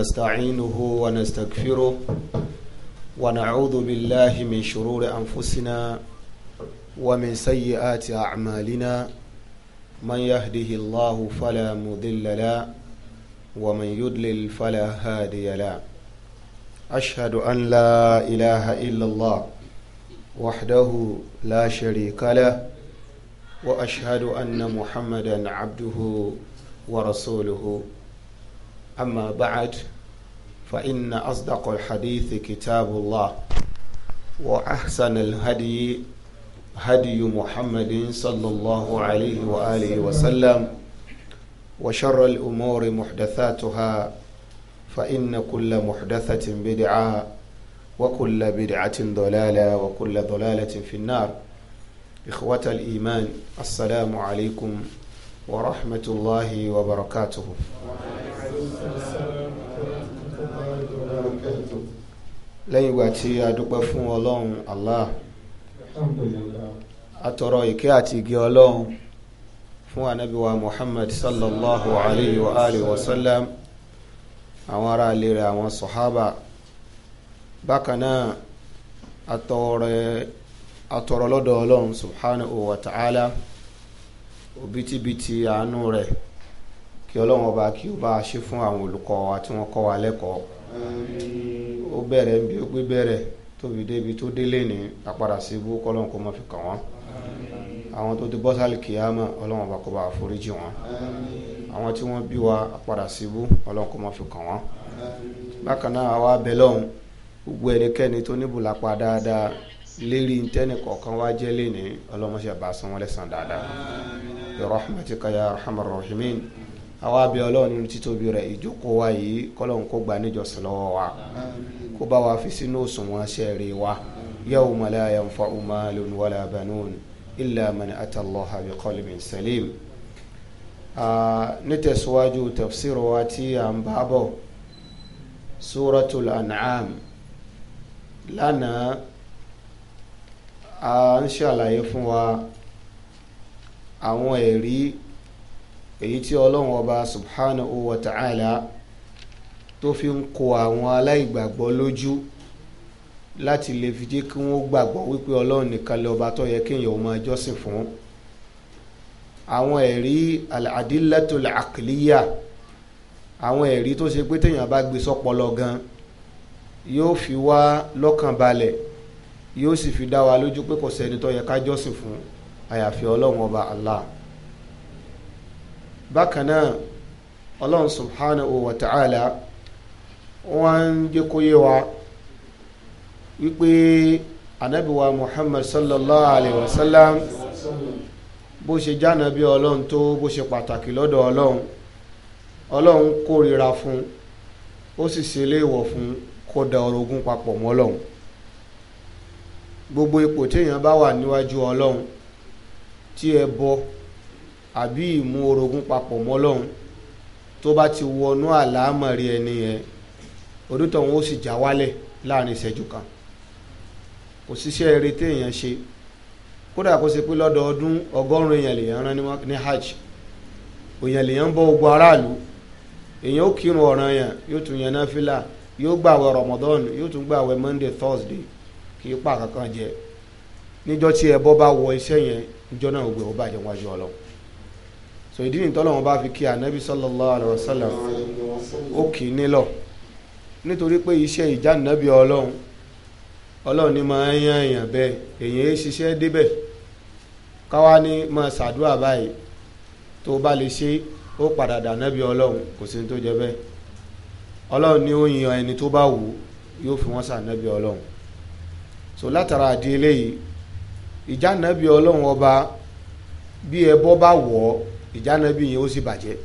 نستعينه ونستغفره ونعوذ بالله من شرور أنفسنا ومن سيئات أعمالنا من يهده الله فلا مضل لا ومن يدلل فلا هادي لا أشهد أن لا إله إلا الله وحده لا شريك له وأشهد أن محمدا عبده ورسوله أما بعد فإن أصدق الحديث كتاب الله وأحسن الهدي هدي محمد صلى الله عليه وآله وسلم وشر الأمور محدثاتها فإن كل محدثة بدعة وكل بدعة ضلالة وكل ضلالة في النار إخوة الإيمان السلام عليكم ورحمة الله وبركاته lẹ́yìn ìgbà tí a dúpẹ́ fún ọlọ́run allah atọrọ ìkẹ́ àti ìgẹ́ ọlọ́run fún ànábì muhammad sallallahu alayhi wa alihi wa sallam àwọn ará ilé rẹ̀ àwọn sọ̀hábà bákan náà atọrọ lọ́dọ̀ ọlọ́run subhanahu wa ta'ala òbítíbitì àánú rẹ̀ kí ọlọ́run ọba kí ó bá ṣe fún àwọn olùkọ́ wa tí kọ́ wa lẹ́kọ̀ọ́ ó bẹ̀rẹ̀ bí ó gbé bẹ̀rẹ̀ tóbi débi tó délé ní àpadà sí ibú kọ́lọ́n kó má fi kàn wọ́n àwọn tó ti bọ́sálì kìyàmà ọlọ́run bá kó bá foríjì wọn àwọn tí wọ́n bí wa àpadà sí ibú ọlọ́run kó má fi kàn wọ́n bákan náà àwa bẹ lọ́hùn gbogbo ẹnikẹ́ni tó níbù lápá dáadáa lérí ntẹ́ni kọ̀ọ̀kan wá jẹ́ léni ọlọ́mọṣẹ́ bá sanwó lẹ́sàn dáadáa bi rahmatika ya arhamar àwa abẹ Ọlọ́run nínú títóbi rẹ̀ ìjókòó wa yìí kọlọrun kó gba níjọsìn lọ́wọ́ wa kó bá wa fi sínú òṣùwọ̀n sẹẹrẹ wa yawma la yanfa'u malun wala banun illa man ata Allaha bi qalbin salim. nítẹ̀síwájú tafsir wa tí à ń bá bọ̀ suratul an'am lánàá à ń ṣàlàyé fún wa àwọn ẹ̀rí èyí tí ọlọ́run ọba subhanahu wa ta'ala tó fi ń kó àwọn aláìgbàgbọ́ lójú láti lè fi jẹ́ kí wọ́n gbàgbọ́ wípé ọlọ́run nìkan lè ọba tó yẹ kéèyàn ó máa jọ́sìn fún àwọn ẹ̀rí al-adillatul àwọn ẹ̀rí tó ṣe pé téèyàn bá gbé sọ́pọlọ gan yóò fi wá lọ́kàn balẹ̀ yóò sì fi dá wa lójú pé kò sẹ́ni tó yẹ ká jọ́sìn fún àyàfi ọlọ́run ọba Allah bákan náà ọlọ́run subhanahu wa ta'ala wọ́n ń jẹ́ kó yé wa wípé anabiwa muhammad sallallahu alayhi wa sallam bó ṣe jáná bí ọlọ́run tó bó ṣe pàtàkì lọ́dọ̀ ọlọ́run ọlọ́run kórìíra fún ó sì ṣe léèwọ̀ fún kó orogún papọ̀ mọ́ ọlọ́run gbogbo ipò téèyàn bá wà níwájú ọlọ́run tí ẹ bọ́ àbí ìmú orogún papọ̀ mọ́lọ́hún tó bá ti wọnú àlámọ̀rí ẹni yẹn onítọ̀hún ó sì já wálẹ̀ láàrin ìṣẹ́jú kan kò síṣẹ́ eré téèyàn ṣe kódà kó ṣe pé lọ́dọọdún ọgọ́rùn-ún èèyàn lèèyàn rán ní hajj òyàn lèèyàn ń bọ́ gbogbo aráàlú èèyàn ó kírun ọ̀ràn yẹn yóò tún yan náfìlà yóò gbàwẹ̀ Ramadan yóò tún Monday Thursday kì pa kankan jẹ tí bá wọ iṣẹ́ yẹn náà gbé bàjẹ́ so ìdí nìyí tọ́lọ́wọ́n bá fi kí anabi sallallahu alayhi wa sallam ó kì í nílọ nítorí pé iṣẹ́ ìjánabi ọlọ́run ọlọ́run ni máa ń yan èèyàn bẹ́ẹ̀ èèyàn é ṣiṣẹ́ débẹ̀ káwá ní máa ṣàdúrà báyìí tó bá lè ṣe ó padà dànábi ọlọ́run kò sí ní tó jẹ bẹ́ẹ̀ ọlọ́run ni ó yan ẹni tó bá wù ú yóò fi wọ́n ṣànábi ọlọ́run so látara àdí eléyìí ìjánabi ọlọ́run ọba bí ẹbọ bá wọ̀ ọ́ ìjánabi yẹn ó sì bàjẹ́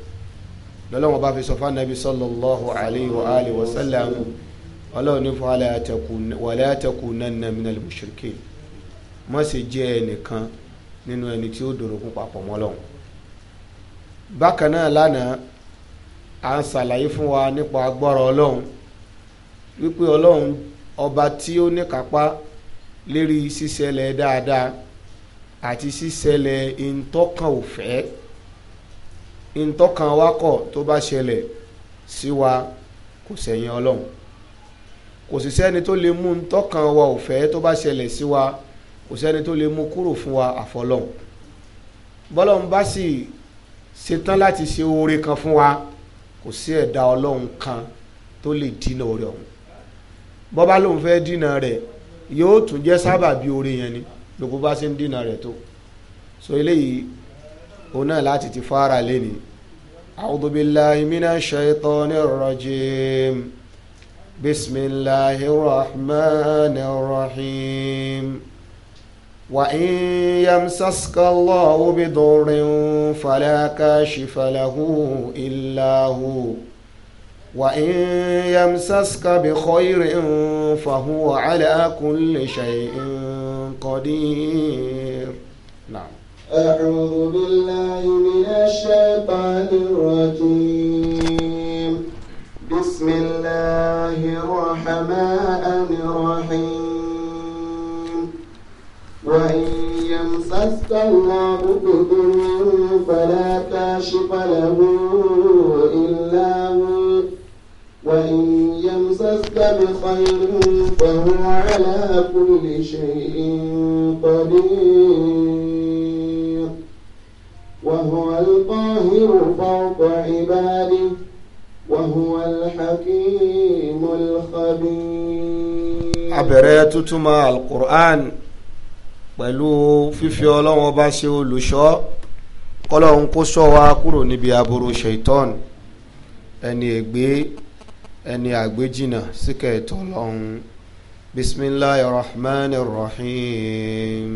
lọ́lọ́wọ́n bá fi sọ fún anabi sallallahu alayhi wa alihi wa sallam ọlọ́run ní fún wala takunanna minal mushrikin má ṣe jẹ́ ẹnìkan nínú ẹni tí ó dòrògùn papọ̀ mọ́ Ọlọ́run bákan náà lánàá à ń ṣàlàyé fún wa nípa agbára ọlọ́run wípé ọlọ́run ọba tí ó níkápá lérí ṣíṣẹlẹ̀ dáadáa àti ṣíṣẹlẹ̀ ìntọ́kàn òfẹ́ ntọ́kan wa kọ̀ tó bá ṣẹlẹ̀ sí wa kò sẹ̀yìn ọlọ́run kò sì sẹ́ni tó lè mú ntọ́kan wa ò fẹ́ tó bá ṣẹlẹ̀ sí wa kò sẹ́ni tó lè mú kúrò fún wa àfọlọ́run bọ́lọ́run bá sì ṣetán láti ṣe oore kan fún wa kò sí ẹ̀dá ọlọ́run kan tó lè dínà oore ọ̀hún bọ́bá lòun fẹ́ dínà rẹ̀ yóò tún jẹ́ sábà bí oore yẹn ni lóko bá ṣe ń dínà rẹ̀ tó so eléyìí òun náà láti ti fara lẹ́ni. أعوذ بالله من الشيطان الرجيم بسم الله الرحمن الرحيم وإن يمسسك الله بضر فلا كاشف له إلا هو وإن يمسسك بخير فهو على كل شيء قدير أعوذ بالله من الشيطان الرجيم بسم الله الرحمن الرحيم وإن يمسسك الله بضر فلا كاشف له إلا هو وإن يمسسك بخير فهو على كل شيء قدير وهو القاهر فوق عباده وهو الحكيم الخبير abẹ̀rẹ̀ tutuma alukur'an pẹ̀lú fífi ọlọ́run ọba ṣe olùṣọ́ kọ́lọ́run kó ṣọ́ wa kúrò níbi aburú ṣèitán ẹni ègbé ẹni àgbéjìnà síkẹ̀ ètò ọlọ́run bisimilayi rahman rahim.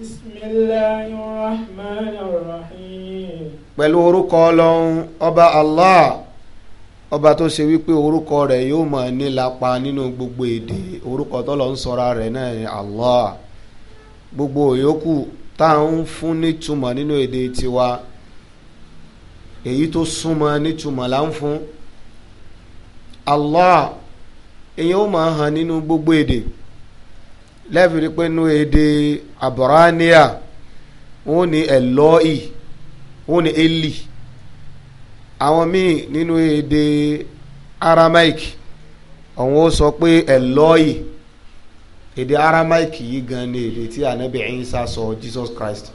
bismillahirrahmanirrahim. pẹ̀lú orúkọ ọlọ́run ọba allah ọba tó ṣe wípé orúkọ rẹ̀ yóò mọ̀ nílapa nínú gbogbo èdè orúkọ tọ́lọ̀ ń sọra rẹ̀ náà ni allah gbogbo òyókù, tá à ń fún nítumọ̀ nínú èdè tiwa èyí tó súnmọ́ nítumọ̀ là ń fún allah èyí ó máa hàn nínú gbogbo èdè. lẹ́fìrí pé nú èdè àbọ̀ránìyà wọ́n ní ẹ̀lọ́ì wọ́n ní eli àwọn míì nínú èdè aramaic àwọn ó sọ pé ẹ̀lọ́ì èdè aramaic yìí gan ni èdè tí anabi Isa sọ Jesus Christ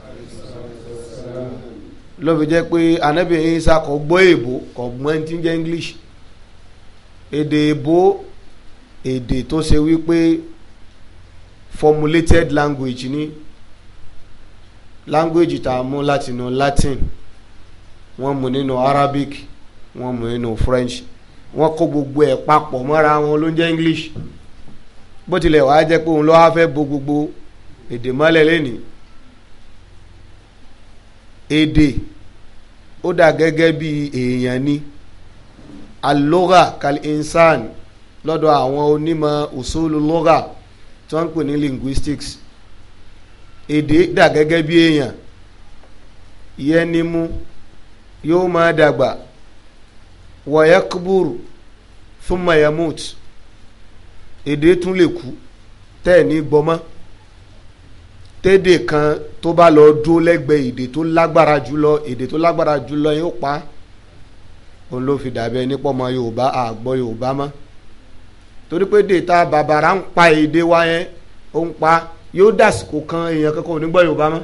ló fi jẹ́ pé anabi Isa kò gbọ́ èbó kò gbọ́ ẹni tí jẹ́ English èdè èbó èdè tó ṣe wípé formulated language ní language tá a mú láti inú Latin wọ́n mú nínú Arabic wọ́n mú nínú French wọ́n kó gbogbo ẹ̀ papọ̀ mọ́ra wọn ló ń jẹ́ English bó tilẹ̀ wàá jẹ́ pé òun lọ́wọ́ fẹ́ bo gbogbo èdè mọ́lẹ̀ lẹ́nìí èdè ó dà gẹ́gẹ́ bí èèyàn ni alóga kal insan lọ́dọ̀ àwọn onímọ̀ usulu lóga tí wọ́n ń pè ní linguistics èdè dà gẹ́gẹ́ bí èèyàn yẹnimu yóò máa dàgbà wayakuburu thumma yamut èdè tún lè kú tẹ́ ẹ̀ ní gbọ́mọ́ tédè kan tó bá lọ dúró lẹ́gbẹ̀ẹ́ èdè tó lágbára jùlọ èdè tó lágbára jùlọ yóò pa òun ló fi dàbí ẹni mọ Yorùbá àgbọ̀ Yorùbá mọ́ torí pé dèta bàbàrà ń pa èdè wa yẹn ó ń pa yóò dàsìkò kan èèyàn kankan ò ní gbọ́ Yorùbá mọ́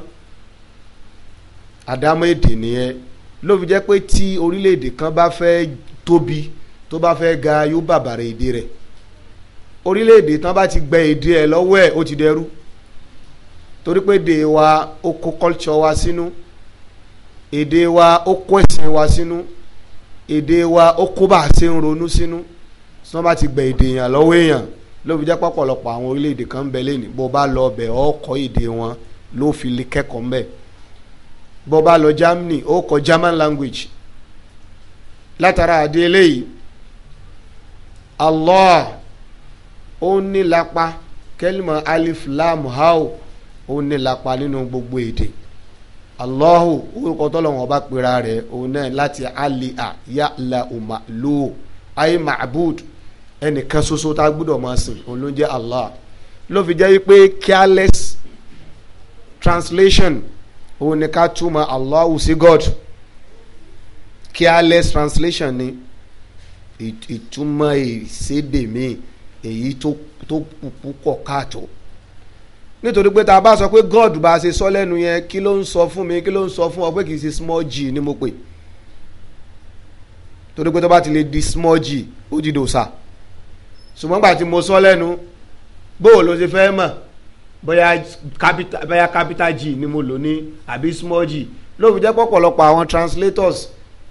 àdámọ́ èdè nìyẹn ló fi jẹ́ pé tí orílẹ̀-èdè kan bá fẹ́ tóbi tó bá fẹ́ ga yóò bàbàrà èdè rẹ̀ orílẹ̀-èdè tán bá ti gbẹ èdè ẹ̀ lọ́wọ́ ẹ̀ ó ti dẹrú torí pé èdè wa ó kó culture wa sínú èdè wa ó kó ẹ̀sìn wa sínú èdè wa ó kó bá a ṣe ń ronú sínú. Si tí wọ́n bá ti gbẹ èdè èèyàn lọ́wọ́ èèyàn ló fi jẹ́ pọ̀pọ̀lọpọ̀ àwọn orílẹ̀-èdè kan ń bẹ lẹ́nu bó bá lọ ọbẹ̀ ó kọ́ èdè wọn ló fi lè kẹ́kọ̀ọ́ ńbẹ̀ bó bá lọ Germany ó kọ́ German language látara àdé eléyìí Allah ó ní lápá kẹ́límà alif lam hao ó ní lápá nínú gbogbo èdè Allahu orúkọ tọ́lọ́wọ́n bá pera rẹ̀ òun náà láti ali'a ya'la uma'lu ayi ma'bud ẹnìkan ṣoṣo tá a gbọ́dọ̀ máa sìn òun ló ń jẹ́ Allah ló fi jẹ́ wípé careless translation òun ni ká túmọ̀ Allahu sí God careless translation ni ìtumọ̀ ìsédè mi èyí tó púpọ̀ káàtó nítorí pé tá a bá sọ pé God bá a ṣe sọ lẹ́nu yẹn kí ló ń sọ fún mi kí ló ń sọ fún ọ pé kì í ṣe small g ni mo pè torí pé tó bá ti lè di small g ó ti dòṣà ṣùgbọ́n gbà tí mo sọ lẹ́nu bóò ló ṣe fẹ́ mọ̀ bóyá capital bóyá capital G ni mo lò ní àbí small g ló fi jẹ́ pọ̀pọ̀lọpọ̀ àwọn translators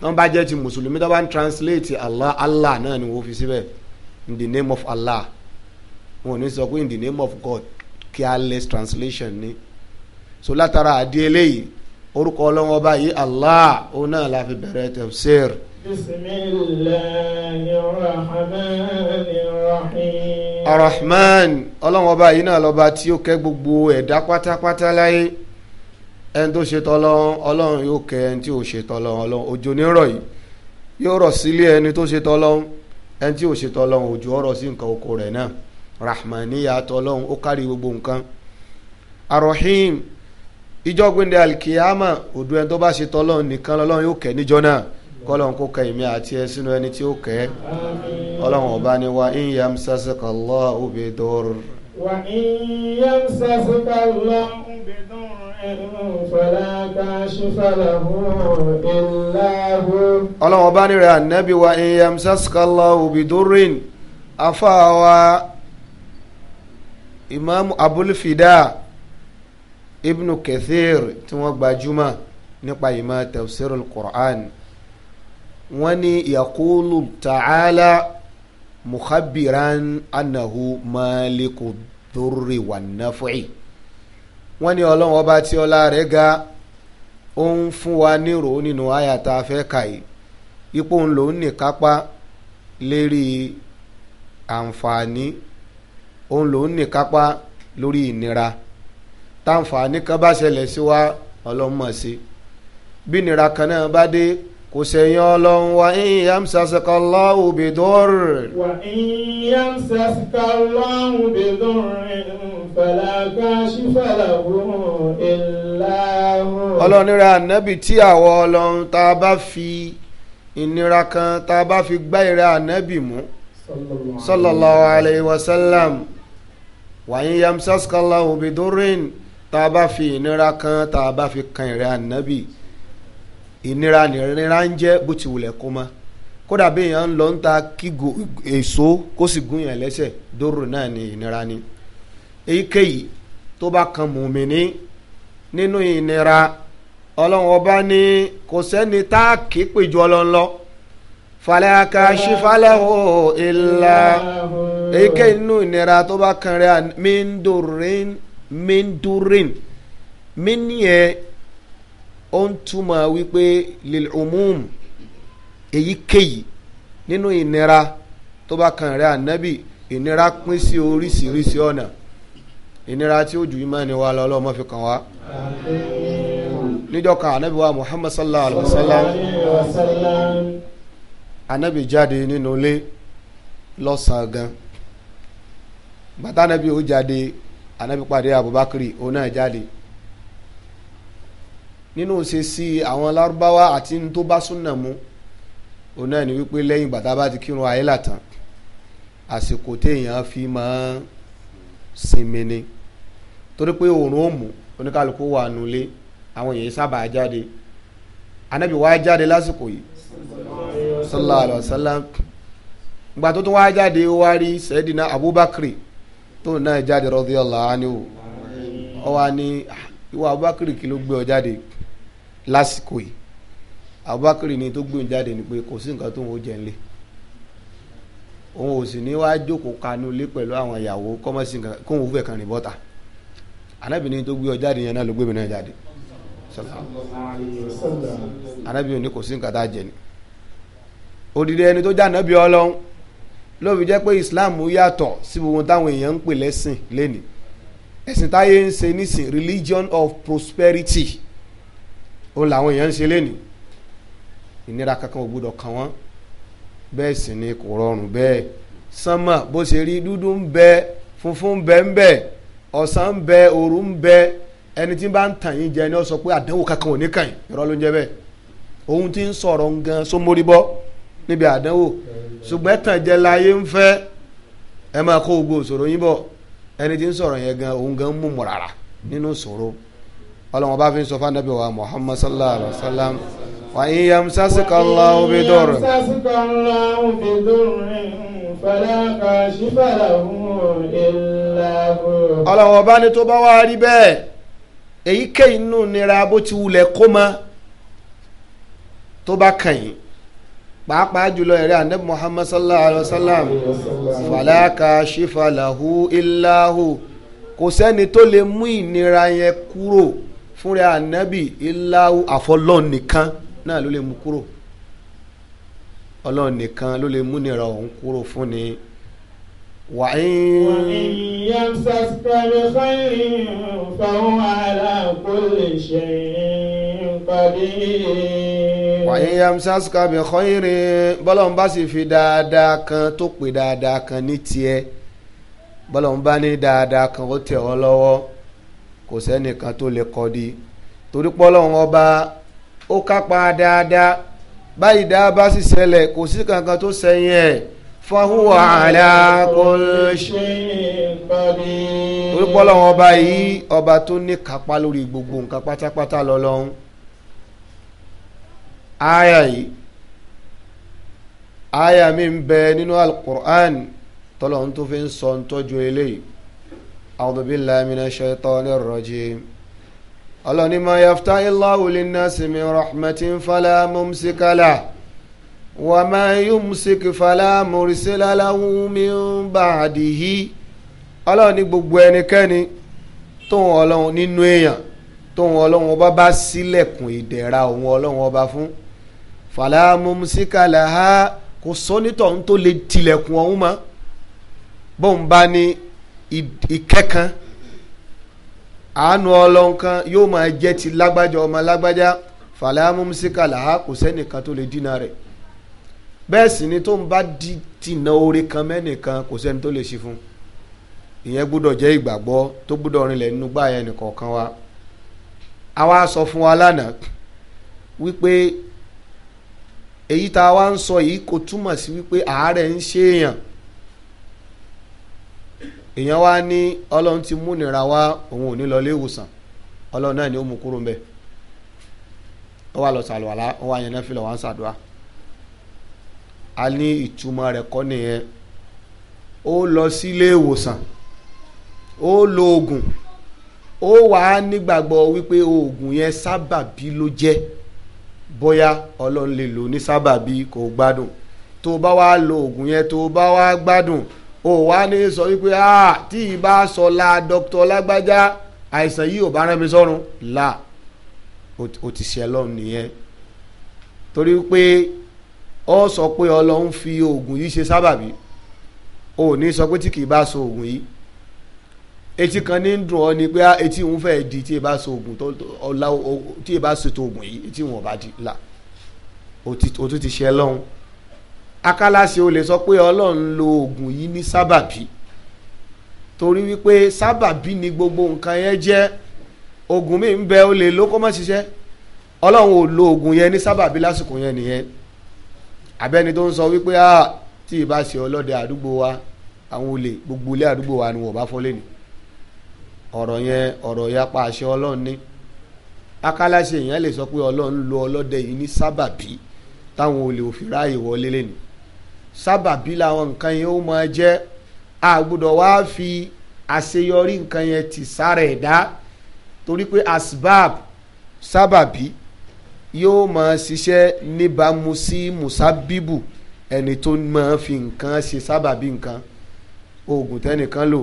tó ń bá jẹ́ ti mùsùlùmí tó bá ń translate Allah Allah náà ni wọ́n fi síbẹ̀ in the name of Allah wọn ò ní sọ pé in the name of God careless translation ni so látara àdí eléyìí orúkọ ọlọ́wọ́ báyìí Allah òun náà la bẹ̀rẹ̀ tafsir. بسم الله الرحمن الرحيم الرحمن ọlọ́run ọba yìí náà lọ́ba tí ó kẹ́ gbogbo ẹ̀dá pátápátá láyé ẹni tó ṣe tọ́lọ́run ọlọ́run yóò kẹ́ ẹni tí ò ṣe tọ́lọ́run ọlọ́run òjò nírọ̀ yìí yóò rọ̀ sílé ẹni tó ṣe tọ́lọ́run ẹni tí ò ṣe tọ́lọ́run òjò ọ̀rọ̀ sí nǹkan oko rẹ̀ náà rahmaniya tọ́lọ́run ó kárí gbogbo nǹkan arahim ìjọ́gbìndé alkiyama òdu ẹni tó bá ṣe tọ́lọ́run nìkan lọ́lọ́run yóò kẹ́ níjọ́ náà kọ́lọ́n kó kẹ́ ìmí àti ẹ sínú ẹni tí ó kẹ́ ọlọ́run ọba ni wa in yamsasaka Allahu bidur. wa in yamsasaka Allahu bidur fala kashifa lahu illa hu. ọlọ́run ọba ni rẹ̀ ànábì wa in yamsasaka Allahu bidurin afáwa imaamu abulfida ibnu kathir tí wọ́n gbajúmọ̀ nípa ìmọ̀ tafsirul qur'an wọ́n ní yakulu ta'ala mukhabiran anahu maliku durri wa nafi wọ́n ní ọlọ́run ọba tí ọlá rẹ̀ ga ó ń fún wa nírò nínú àyà tá a fẹ́ kà ipò ń lò ó nìkápá lérí àǹfààní ó ń lò ó nìkápá lórí ìnira táǹfààní kan bá ṣẹlẹ̀ sí wa ọlọ́mọ̀ sí bí ìnira kan náà bá dé kò sẹ́yìn ọlọ́run wa in yamsasaka Allahu bidurrin. wa in yamsasaka Allahu bidurrin fala kashifa lahu illa hu. ọlọ́run nira ànábì tí àwọ̀ ọlọ́run tá a bá fi ìnira kan tá a bá fi gbá ìrẹ ànábì mú sallallahu alayhi wa sallam wa in yamsasaka Allahu bidurrin tá a bá fi ìnira kan tá a bá fi kan ìrẹ ànábì ìnira nìrìnra ń jẹ́ bó ti wulẹ̀ kó mọ́ kódà bí èèyàn ń lọ ń ta kígo èso kó sì gúnyàn lẹ́sẹ̀ dóró náà ni ìnira ni èyíkéyìí tó bá kan mùmíní nínú ìnira ọlọ́run ọba ní kò sẹ́ni tá a kì í péjọ ọlọ́nlọ́ falẹ́ akaṣí falẹ́ o ìlà èyíkéyìí nínú ìnira tó bá kan rẹ̀ mindurin mindurin mí nìyẹn ó ń túmọ̀ wípé lil'umum èyíkéyìí nínú ìnira tó bá kan rẹ̀ ànábì ìnira pín sí oríṣiríṣi ọ̀nà ìnira tí ó ju ìmánì wa lọ ọlọ́mọ fi kàn wá. níjọ́ kan ànábì wa muhammad sallallahu alayhi wa sallam ànábì jáde nínú ilé lọ́sàn-án gan bàtà ànábì ó jáde ànábì pàdé abubakar òun náà jáde nínú ṣe sí àwọn lárúbáwá àti ní tó bá súnà mu òun náà ni wípé lẹ́yìn bàtà bá ti kírun ayé làtàn àsìkò téèyàn fi máa sinmi ni torí pé òòrùn ó mú oníkálukú wà nulẹ̀ àwọn èèyàn sábà jáde anábì wá jáde lásìkò yìí sallallahu alayhi wa sallam ìgbà tó tún wá jáde ó wá rí sẹ́dínà abubakar tó náà jáde radiyallahu anhu ó wá ní ah, ìwà abubakar kí ọ jáde lásìkò yìí Abubakar ni tó gbóhùn jáde ni pé kò sí nǹkan tó ń wo jẹ ńlẹ̀ òun ò sì ní wá jókòó kanú ilé pẹ̀lú àwọn ìyàwó kọ́mọ́sí nǹkan kóun fẹ́ kan rìn bọ́ta anábìnrin tó gbé ọ jáde yẹn náà ló gbé mi náà jáde anábìnrin ní kò sí nǹkan tá a jẹ ni òdìdí ẹni tó já anábì ọlọ́run ló fi jẹ́ pé Islam yàtọ̀ sí gbogbo táwọn èèyàn ń pè lẹ́sìn lẹ́nìí ẹ̀sìn táyé ń ṣe nísìn religion of prosperity ó làwọn èèyàn ń ṣe lẹ́nu ìnira kankan ò gbúdọ̀ kàn wọ́n bẹ́ẹ̀ sì ni kò rọrùn bẹ́ẹ̀ sánmà bó ṣe rí dúdú ń bẹ funfun ń bẹ ń bẹ ọ̀sán ń bẹ òru ń bẹ ẹni tí bá ń tàn ni sọ pé àdánwò kankan ò ní kàn yín ti ń sọ̀rọ̀ ngan sómórí bọ́ níbi àdánwò ṣùgbọ́n ẹ̀tàn jẹ láyé ń fẹ́ ẹ máa kó gbogbo òṣòro yín bọ̀ ẹni tí ọlọ́wọ́n bá fi sọ fún anabi wa muhammad sallallahu alayhi wa sallam wa in yamsasika allahu bi durr. wa in yamsasika allahu bi durr ọlọ́wọ́n bá ní tó bá wá rí bẹ́ẹ̀ èyíkéyìí inú nira bó ti wulẹ̀ kó mọ́ tó bá kàyìn pàápàá jùlọ ẹ̀rẹ́ anabi muhammad sallallahu alayhi wa sallam falaka shifalahu illahu kò sẹ́ni tó lè mú ìnira yẹn kúrò fúnra anabi ìlàwọ àfọlọ́ọ̀ nìkan náà ló lè mú kúrò ọlọ́ọ̀ nìkan ló lè múnira òun kúrò fún ni wà ń yamsaska bi khayrin fahuwa ala kulli shay'in qadir. wà ń yamsaska bi khayrin bọ́lọ́n bá sì fi dáadáa kan tó pè dáadáa kan ní tiẹ̀ bọ́lọ́n bá ní dáadáa kan ó tẹ̀ ọ́ lọ́wọ́ kò sẹ́nìkan tó lè kọ́ di torí pọ́lọ́hún ọba ó kápá dáadáa báyìí dáa bá sì ṣẹlẹ̀ kò sí kankan tó sẹ́yìn ẹ̀ fahuwa ala kulli shay'in qadir. torí pọ́lọ́hún ọba yìí ọba tó ní kápá lórí gbogbo nǹkan pátápátá lọ́lọ́hún. aya yìí aya mi ń bẹ nínú alukur'an tọ́lọ́hún tó fi ń sọ ń tọ́jú eléyìí. أعوذ بالله من الشيطان الرجيم الله ما يفتح الله للناس من رحمة فلا ممسك له وما يمسك فلا مرسل له من بعده ọlọ́run ní gbogbo ẹnikẹ́ni tóun ọlọ́run nínú èèyàn tóun ọlọ́run ọba bá sílẹ̀kùn ìdẹ̀ra òun ọlọ́run ọba fún fàlámùmùsíkàlà kò sọ́nítọ̀ ń tó lè tilẹ̀kùn ọ̀hún mọ́ bóun bá ní ìkẹ́kan àánú ọlọ́nkan yóò máa jẹ́ ti lágbájá ọmọ lágbájá fàlàmùsíkà làá kò sẹ́nìkan tó lè dínà rẹ̀ bẹ́ẹ̀ sì ni tó ń bá di kan mẹ́nìkan kò sẹ́ni tó lè ṣe fún ìyẹn gbúdọ̀ jẹ́ ìgbàgbọ́ tó gbúdọ̀ rinlẹ̀ nínú gbáà nìkọ̀ọ̀kan wa a wá sọ fún wa lánàá wípé èyí tá a wá ń sọ yìí kò túmọ̀ sí wípé àárẹ̀ ń ṣe èèyàn wá ní ọlọ́run ti mú nira wá òun ò ní lọ léwòsàn ọlọ́run náà ni ó mú kúrò mbẹ́ ó wà lọ sàlùwàlá ó wà yẹn náfìlà wà ń sàdúrà a ní ìtumọ̀ rẹ̀ kọ́ nìyẹn ó lọ sílé ìwòsàn ó lo oògùn ó wà á nígbàgbọ́ wípé oògùn yẹn sábàbí ló jẹ́ bóyá ọlọ́run lè lò ní sábàbí kò gbádùn tó bá wá lo oògùn yẹn tó bá wá gbádùn ò wá ní sọ wípé ah tí ì bá sọ la dr lágbájá àìsàn yìí ò bá rán mi sọ́run la ó ti ṣe lọ́run nìyẹn torí pé ọ sọ pé ọlọ́run fi oògùn yìí ṣe sábàbí ò ní sọ pé tí kì í bá so oògùn yìí etí kan ní dùn ọ ni pé etí òun fẹ́ di tí ì bá so oògùn tó ọ̀la tí ì bá so tó oògùn yìí etí òun ò di la ó ti ṣe lọ́run akálàṣe o lè sọ pé ọlọ́run lo oògùn yìí ní sábàbí torí wípé sábàbí ni gbogbo nǹkan yẹn jẹ́ oògùn mi ń bẹ o lè ló kó má ṣiṣẹ́ ọlọ́run ò lo oògùn yẹn ní sábàbí lásìkò yẹn nìyẹn abẹ́ni tó ń sọ wípé ah tí ì bá ṣe ọlọ́dẹ àdúgbò wa àwọn olè gbogbo ilé àdúgbò wa ni wọ́n bá fọ́lé ni ọ̀rọ̀ yẹn ọ̀rọ̀ ya pa àṣẹ ọlọ́run ní akálàṣe yẹn lè sọ pé ọlọ́run lo ọlọ́dẹ yìí ní sábàbí táwọn olè òfin ráàyè wọlé lẹ́nu sábàbí làwọn nǹkan yẹn ó máa jẹ́ àgbọ́dọ̀ wá fi àṣeyọrí nǹkan yẹn ti sára ẹ̀dá torí pé asbab sábàbí yóò máa ṣiṣẹ́ níbàámu sí musabibu ẹni tó máa fi nǹkan ṣe sábàbí nǹkan oògùn tẹ́nìkan lò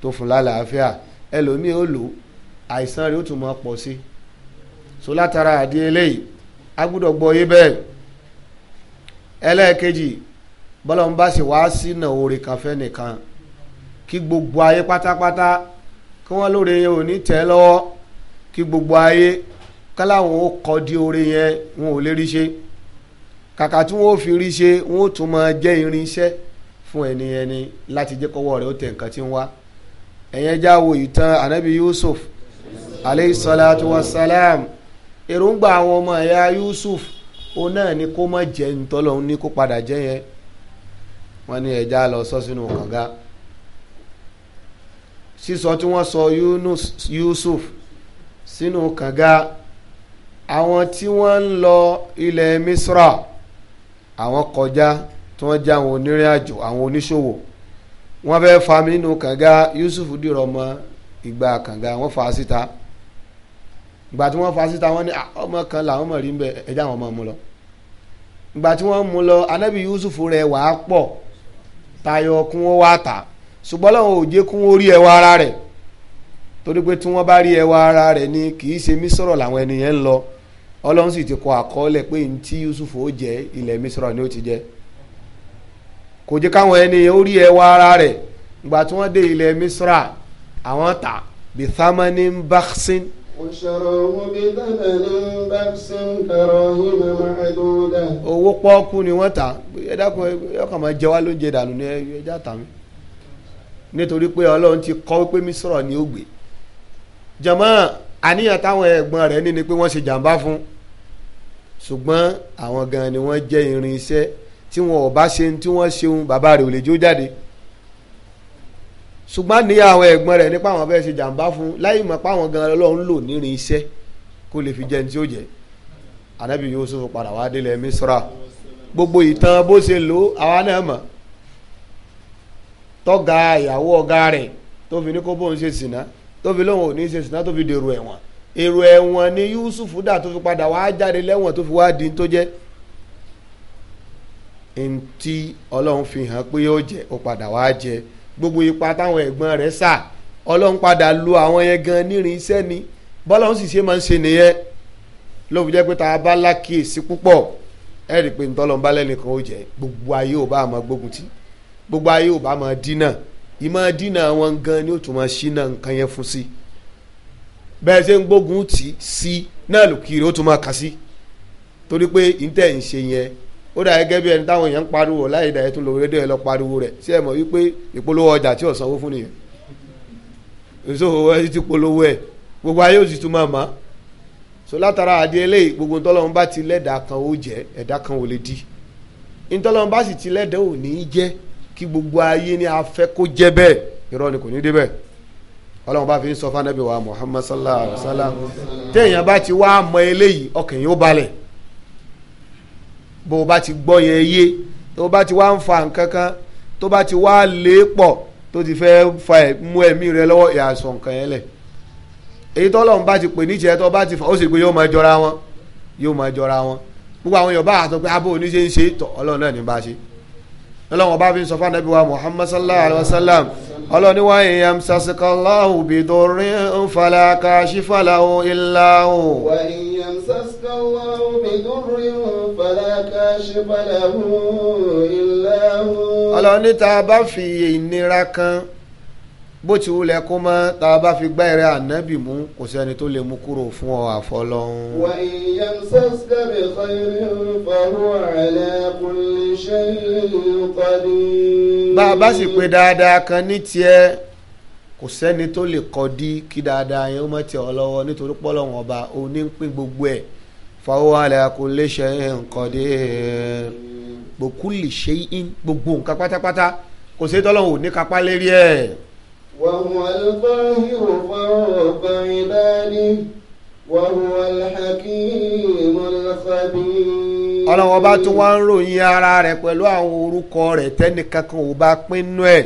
tó fún lálàáfíà ẹlòmíì ó lò àìsàn rẹ̀ ó tún máa pọ̀ sí i so látara àdí eléyìí a gbọ́ yé bẹ́ẹ̀ ẹlẹ́ẹ̀kejì bọ́lá ń bá sì wá sínà oore kan fẹ́ nìkan kí gbogbo ayé pátápátá kí wọ́n lóore yẹn ò ní tẹ́ lọ́wọ́ kí gbogbo ayé káláwọn ó kọ́ di oore yẹn wọn ò lè rí ṣe kàkà tí wọn ò fi rí ṣe wọn ò tún máa jẹ́ irinṣẹ́ fún ẹni ẹni láti jẹ́ kọ́wọ́ rẹ̀ ó tẹ̀ nǹkan tí ń wá ẹ̀yẹn já wo ìtàn anabi Yusuf aleyhi salatu wa salam èròǹgbà àwọn ọmọ ẹ̀yà Yusuf òun náà ni kó má jẹ́ ntọ́lọ́hún ní kó padà jẹ́ yẹn wọ́n ní ẹja lọ sọ sínú kànga sísọ tí wọ́n sọ Yusuf sínú kànga àwọn tí wọ́n ń lọ ilẹ̀ Misra àwọn kọjá tí wọ́n jẹ́ àwọn onírìn àjò àwọn oníṣòwò wọ́n fẹ́ fa mi nínú kànga Yusuf dìrọ̀ mọ́ ìgbà kànga wọ́n fa síta ìgbà tí wọ́n fa síta wọ́n ní ọmọ kan làwọn mọ̀ rí ń bẹ ẹ̀dá àwọn ọmọ mu lọ ìgbà tí wọ́n mu lọ Ànábì Yusuf rẹ̀ wàá pọ̀ tayọ kún wọn wá tà ṣùgbọ́n làwọn ò jẹ́ kún wọn rí ẹwà ara rẹ̀ torí pé tí wọ́n bá rí ẹwà ara rẹ̀ ni kì í ṣe mísọ̀rọ̀ làwọn ènìyàn ń lọ ọlọ́run sì ti kọ àkọọ́lẹ̀ pé ní tí Yusuf ó jẹ ilẹ̀ mísọ̀rọ̀ ni ó ti jẹ kò jẹ́ káwọn ènìyàn ó rí ẹwà ara rẹ̀ ìgbà tí wọ́n dé ilẹ̀ mísọ̀rọ̀ àwọn tà bithamani baksin وشروه بثمن بأس كراهن معدودة owó pọ́ọ́kú ni wọ́n tà ẹ dákun ẹ kàn máa jẹ wá lóúnjẹ dànù ní ẹjọ́ àtàmì nítorí pé ọlọ́run ti kọ́ wípé mísọ̀rọ̀ ni ó gbé jọmọ́ àníyàn táwọn ẹ̀gbọ́n rẹ̀ ní ni pé wọ́n ṣe jàǹbá fún ṣùgbọ́n àwọn gan ni wọ́n jẹ́ irin iṣẹ́ tí wọn ò bá ṣe tí wọ́n ṣeun bàbá rẹ̀ ò lè jó jáde ṣùgbọ́n ní àwọn ẹ̀gbọ́n rẹ̀ nípa àwọn fẹ́ ṣe jàǹbá fún láì mọ̀ pé àwọn gan-an lọ́wọ́ ń lò nírin iṣẹ́ kó lè fi jẹ́ ní tí ó jẹ́ anabi Yusuf padà wá délẹ̀ Misra gbogbo ìtàn bó ṣe lò àwa náà mọ̀ tọ́ga ìyàwó ọ̀gá rẹ̀ tó fi ní kó bóun ṣe sìnà tó fi lóun ò ní ṣe sìnà tó fi dèrò ẹ̀wọ̀n èrò ẹ̀wọ̀n ni Yusuf dà tó fi padà wá jáde lẹ́wọ̀n tó fi wá di tó jẹ́ ntí Ọlọ́run fi hàn pé ó jẹ́ ó padà wá jẹ́ gbogbo ipa táwọn ẹ̀gbọ́n rẹ̀ sà ọlọ́run padà lu àwọn yẹn gan nírin iṣẹ́ ni bọ́lá òun sì ṣe máa ń ṣe nìyẹn ló fi jẹ́ pé tá a bá lákìyèsí púpọ̀ ẹ rí i pé ntọ́lọ́n bá lẹ́nìkan ó jẹ́ gbogbo ayé ò bá máa gbógun tì gbogbo ayé ò bá máa dínà ìmọ̀ dínà wọn gan ni ó tún máa ṣínà nǹkan yẹn fún sí bẹ́ẹ̀ ṣe ń gbógun tì sí náà lòkìrì ó tún máa kà sí torí pé ìtẹ̀ ń ṣe yẹn ó dà gẹ́gẹ́ bí ẹni táwọn èèyàn ń pariwo láì dà ẹ tún lọ rédíò ẹ lọ pariwo rẹ̀ sí ẹ wípé ìpolówó ọjà tí ọ̀sánwó fún nìyẹn ẹ ti polówó ẹ gbogbo ayé òsì tún máa so látara àdé eléyìí gbogbo ntọ́lọ́run ti kan ó jẹ́ ẹ̀dá di ntọ́lọ́run bá ti ò ní í jẹ́ gbogbo ayé kó jẹ́ bẹ́ẹ̀ irọ́ ni kò ní dé bẹ́ẹ̀ ọlọ́run fi ń sọ fún anábìwá Muhammad sallallahu alayhi wa sallam téèyàn bá ti wá mọ eléyìí ọkàn yóò balẹ̀ bó o ti gbọ́ yẹn yé tó o ti wá ń fa nǹkan kan tó o ti wá lé pọ̀ tó ti fẹ́ fa ẹ̀ mú ẹ̀mí rẹ lọ́wọ́ ìyàsọ̀ nǹkan yẹn lẹ̀ èyí tó lọ́run bá ti pè níjẹ́ tó bá ti fa ó sì pé yóò máa jọra wọn yóò máa jọra wọn gbogbo àwọn Yorùbá àtọ́ abó oníṣe ń ṣe tọ̀ Ọlọ́run náà ní bá ṣe lọ́wọ́n bá fi sọ fún anabi wa muhammad sallallahu alayhi wa sallam ọlọ́ni wa ìyàm sasikallahu bidurin fala kashifa lahu illa hu. wa ìyàm sasikallahu bidurin fala kashifa lahu illa hu. ọlọ́ni tá a bá fi ìnira kan bó ti wulẹ̀ kó mọ́ tá a bá fi gbá ẹ̀rẹ́ ànábì mú kò sẹ́ni tó lè mú kúrò fún ọ àfọlọ́hún. wà ìyẹn sẹ́sẹ̀ bí kọ́lé pẹ̀lú àlẹ́ kò lè ṣe ìlúkọ́dé. bá a bá sì pé dáadáa kan ní tiẹ̀ kò sẹ́ni tó lè kọ́ dí kí dáadáa yẹn ó mọ̀ tẹ̀ ọ́ lọ́wọ́ nítorí pọ́lọ́wọ́n ọba òní gbogbo ẹ̀ fọwọ́ àlẹ́ kò lè gbòkúlì ṣe gbogbo nǹkan pátápátá kò sí tọ́lọ́wọ́n ò ní kápá lérí ẹ̀. وهو القاهر فوق عباده وهو الحكيم الخبير ọlọ́run ọba tún wá ń ròyìn ara rẹ̀ pẹ̀lú àwọn orúkọ rẹ̀ tẹ́nìkankan ò bá pinnu ẹ̀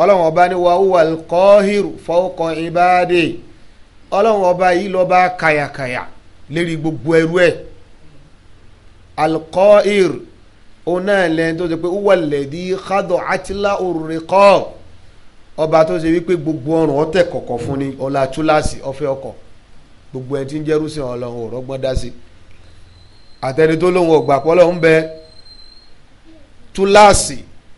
ọlọ́run ọba ní wàhùwà kọ́hìrù fọ́ọ̀kan ìbáde ọlọ́run ọba yìí lọ́ba kàyàkàyà lérí gbogbo ẹrú ẹ̀ alkọ́hìr òun náà tó ṣe pé wúwà lẹ́dí kádọ̀ átìlá òrùrẹ́kọ́ọ̀ ọba tó ṣe wípé gbogbo ọrùn ọtẹ kọ̀kọ̀ fún ni ọlá túláàsì ọfẹ́ ọkọ̀ gbogbo ẹni tí ń jẹ́rùsìn ọlọ́run ò rọ́gbọ́n dá sí àtẹni tó lóun ọgbà pọ́lọ́ ń bẹ túláàsì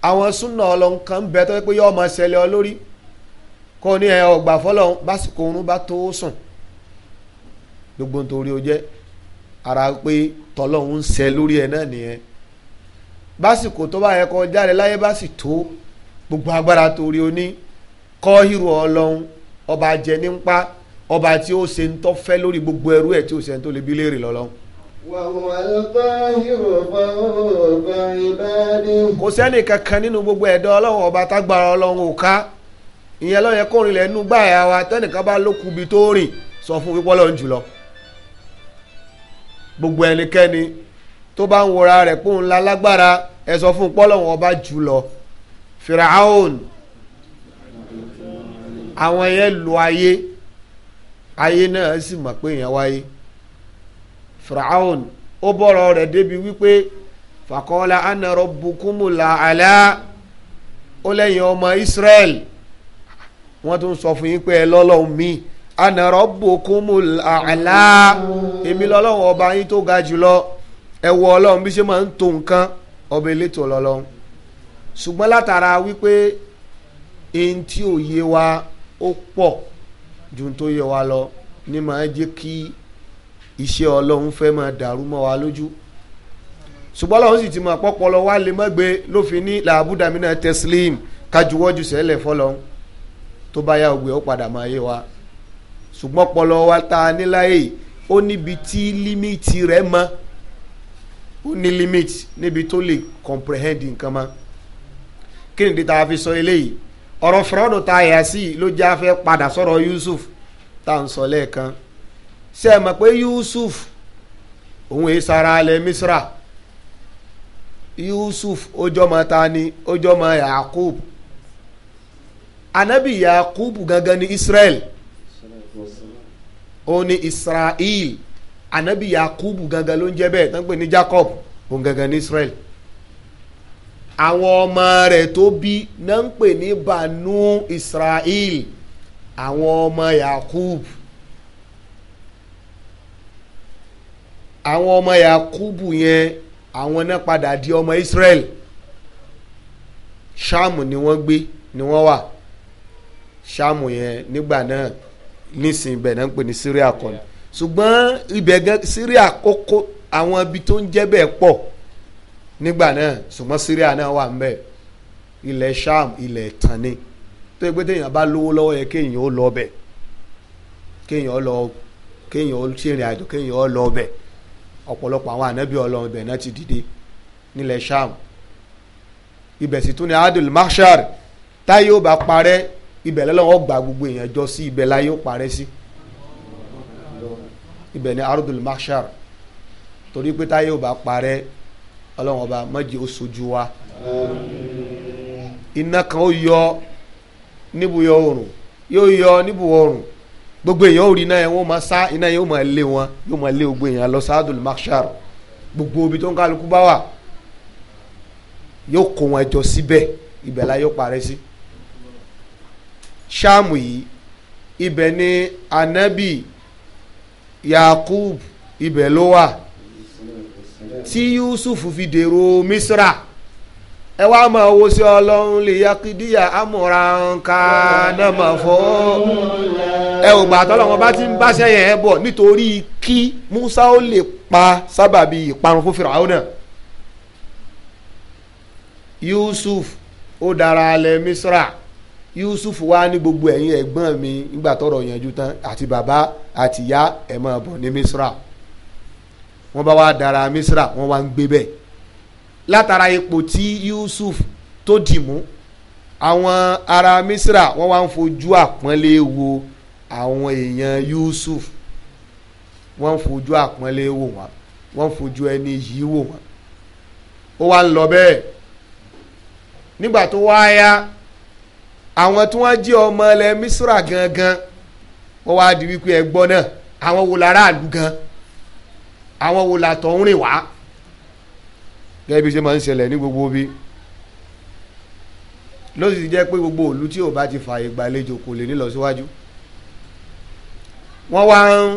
àwọn súnà ọlọ́run kan bẹ tó yẹ pé yọ́ọ́ máa ṣẹlẹ̀ ọ lórí kó ní ẹ ọgbà fọlọ́run básìkò oorun bá tó sùn gbogbo nítorí ó jẹ́ ara pé tọ́lọ́run ń ṣẹ lórí ẹ náà nìyẹn básìkò tó bá yẹ kó jáde láyé bá sì tó gbogbo agbára torí o ní kọ́hírù ọlọ́run ọba jẹ nípa ọba tí ó ṣe ń tọ́ fẹ́ lórí gbogbo ẹrú ẹ̀ tí ó ṣe ń tó lè bí léèrè lọ́lọ́run. kò sẹ́ni kankan nínú gbogbo ẹ̀dọ́ ọlọ́run ọba tágbára ọlọ́run ò ìyẹn lọ́yẹ gbàyà wa bá tó rìn sọ fún wípé jùlọ gbogbo ẹnikẹ́ni tó bá ń wọra rẹ̀ àwọn yẹn lu ayé ayé náà sì mọ̀ pé èèyàn wáyé firaun ó bọ̀rọ̀ rẹ̀ débi wípé fàkọ́lá ana rabbukumula àlá ó lẹ́yìn ọmọ Israel wọ́n tún sọ fún yín pé ẹ lọ́lọ́run mi bukumu rabbukumula àlá èmi lọ́lọ́run ọba yín tó ga jùlọ ẹ wọ ọlọ́run bí ṣe máa ń tó nǹkan ọba elétò lọ́lọ́run ṣùgbọ́n látara wípé ẹni tí ò yé wa. ó pọ̀ ju tó yẹ wa lọ ní máa jẹ́ kí iṣẹ́ ọlọ́run fẹ́ máa dàrú mọ́ wa lójú ṣùgbọ́n lọ́run sì ti máa pọ́pọ́lọ wá lè mọ́gbe ló fi ní làbúdàmínà tẹ́sílíìm kájúwọ́jú sẹ́lẹ̀ fọlọ́run tó bá yá ògbé ó padà máa yé wa ṣùgbọ́n pọlọ wa ta níláyè ó níbi tí límìtì rẹ̀ mọ́ ó ní límìtì níbi tó lè comprehend nǹkan kí nìdí a fi sọ eléyìí ọ̀rọ̀ fúrọ́dù tá a yà sí ló jẹ́ afẹ́ padà sọ̀rọ̀ Yusuf tá à ń sọ lẹ́ẹ̀kan ṣe é mọ̀ pé Yusuf òun èé sara alẹ́ Misra Yusuf ojọ́mọ ta ni ojọ́mọ Yakub anabi Yakub gangan ni Israel òun ni Israel anabi Yakub gangan ló ń jẹ́ bẹ́ẹ̀ tán pè ní Jacob òun gangan ni Israel. àwọn ọmọ rẹ̀ tó bí náà ń pè ní banu israel àwọn ọmọ yakub àwọn ọmọ yakubu yẹn àwọn náà padà di ọmọ israel ṣáàmù ni wọ́n gbé ni wọ́n wà ṣáàmù yẹn nígbà náà nísìn ibẹ̀ náà ń pè ní syria kan ṣùgbọ́n ibẹ̀ gan syria kókó àwọn ibi tó ń jẹ́ bẹ́ẹ̀ pọ̀ nígbà náà ṣùgbọ́n Syria náà wà ńbẹ̀ ilẹ̀ Sham ilẹ̀ ẹ̀tàn ni tó yẹ pé téèyàn bá lówó lọ́wọ́ yẹ kéèyàn ó lọ ọbẹ̀ kéèyàn lọ kéèyàn ó ṣèrìn àjò kéèyàn ó lọ ọbẹ̀ ọ̀pọ̀lọpọ̀ àwọn ànábì ọlọ́run ibẹ̀ náà ti dìde nílẹ̀ Sham ibẹ̀ sì tún ni adul mahshar táyé ó bá parẹ́ ibẹ̀ lọ́lọ́wọ́ gba gbogbo èèyàn jọ sí ibẹ̀ láyé ó parẹ́ sí ibẹ̀ ni arudul mahshar torí pé táyé ó bá parẹ́ ọlọ́run ọba má jẹ́ ó ṣojú wa iná kan ó yọ níbùyọ oòrùn yóò yọ níbùwọ oòrùn gbogbo èèyàn ò rí iná yẹn wọ́n máa sá iná yẹn yóò máa lé wọn yóò máa lé gbogbo èèyàn lọ sáádùn makshar gbogbo ibi tó ń kálukú bá wà yóò kó wọn jọ síbẹ̀ ibẹ̀ la yóò parẹ́ sí. ṣáàmù yìí ibẹ̀ ni anabi yakub ibẹ̀ ló wà tí Yusuf fi dèrò Misra ẹ wá máa wo sí ọlọ́run lè ya kìdíyà amúranká náà máa fọ́ ẹ ò gbà tọ́lọ́ wọn bá ti ń báṣẹ́ yẹn bọ̀ nítorí kí Musa ó lè pa sábàbí ìparun fún Fìràwọ́ náà Yusuf ó dara alẹ́ Misra Yusuf wá ní gbogbo ẹ̀yin ẹ̀gbọ́n mi nígbà tọ́rọ̀ yanjú tán àti bàbá àti ìyá ẹ̀ máa bọ̀ ní Misra wọ́n bá wá dara misra wọ́n wá ń gbé bẹ́ẹ̀ látara ipò tí yusuf tó dì mú àwọn ará misra wọ́n wá ń fojú àpọ́nlé wo àwọn èèyàn yusuf wọ́n ń fojú àpọ́nlé wò wọ́n wọ́n ń fojú ẹni yìí wò wọ́n ó wá ń lọ bẹ́ẹ̀ nígbà tó wá yá àwọn tí wọ́n jẹ́ ọmọ ilẹ̀ misra gangan wọ́n wá di wípé ẹ gbọ́ náà àwọn wò lára àlù gan-an àwọn wo la tọ̀ ń rìn wá gẹ́gẹ́ bí ṣe máa ń ṣẹlẹ̀ ní gbogbo bí ló sì jẹ́ pé gbogbo òlu tí ò bá ti fààyè gbàlejò kò lè nílọsíwájú wọ́n wá ń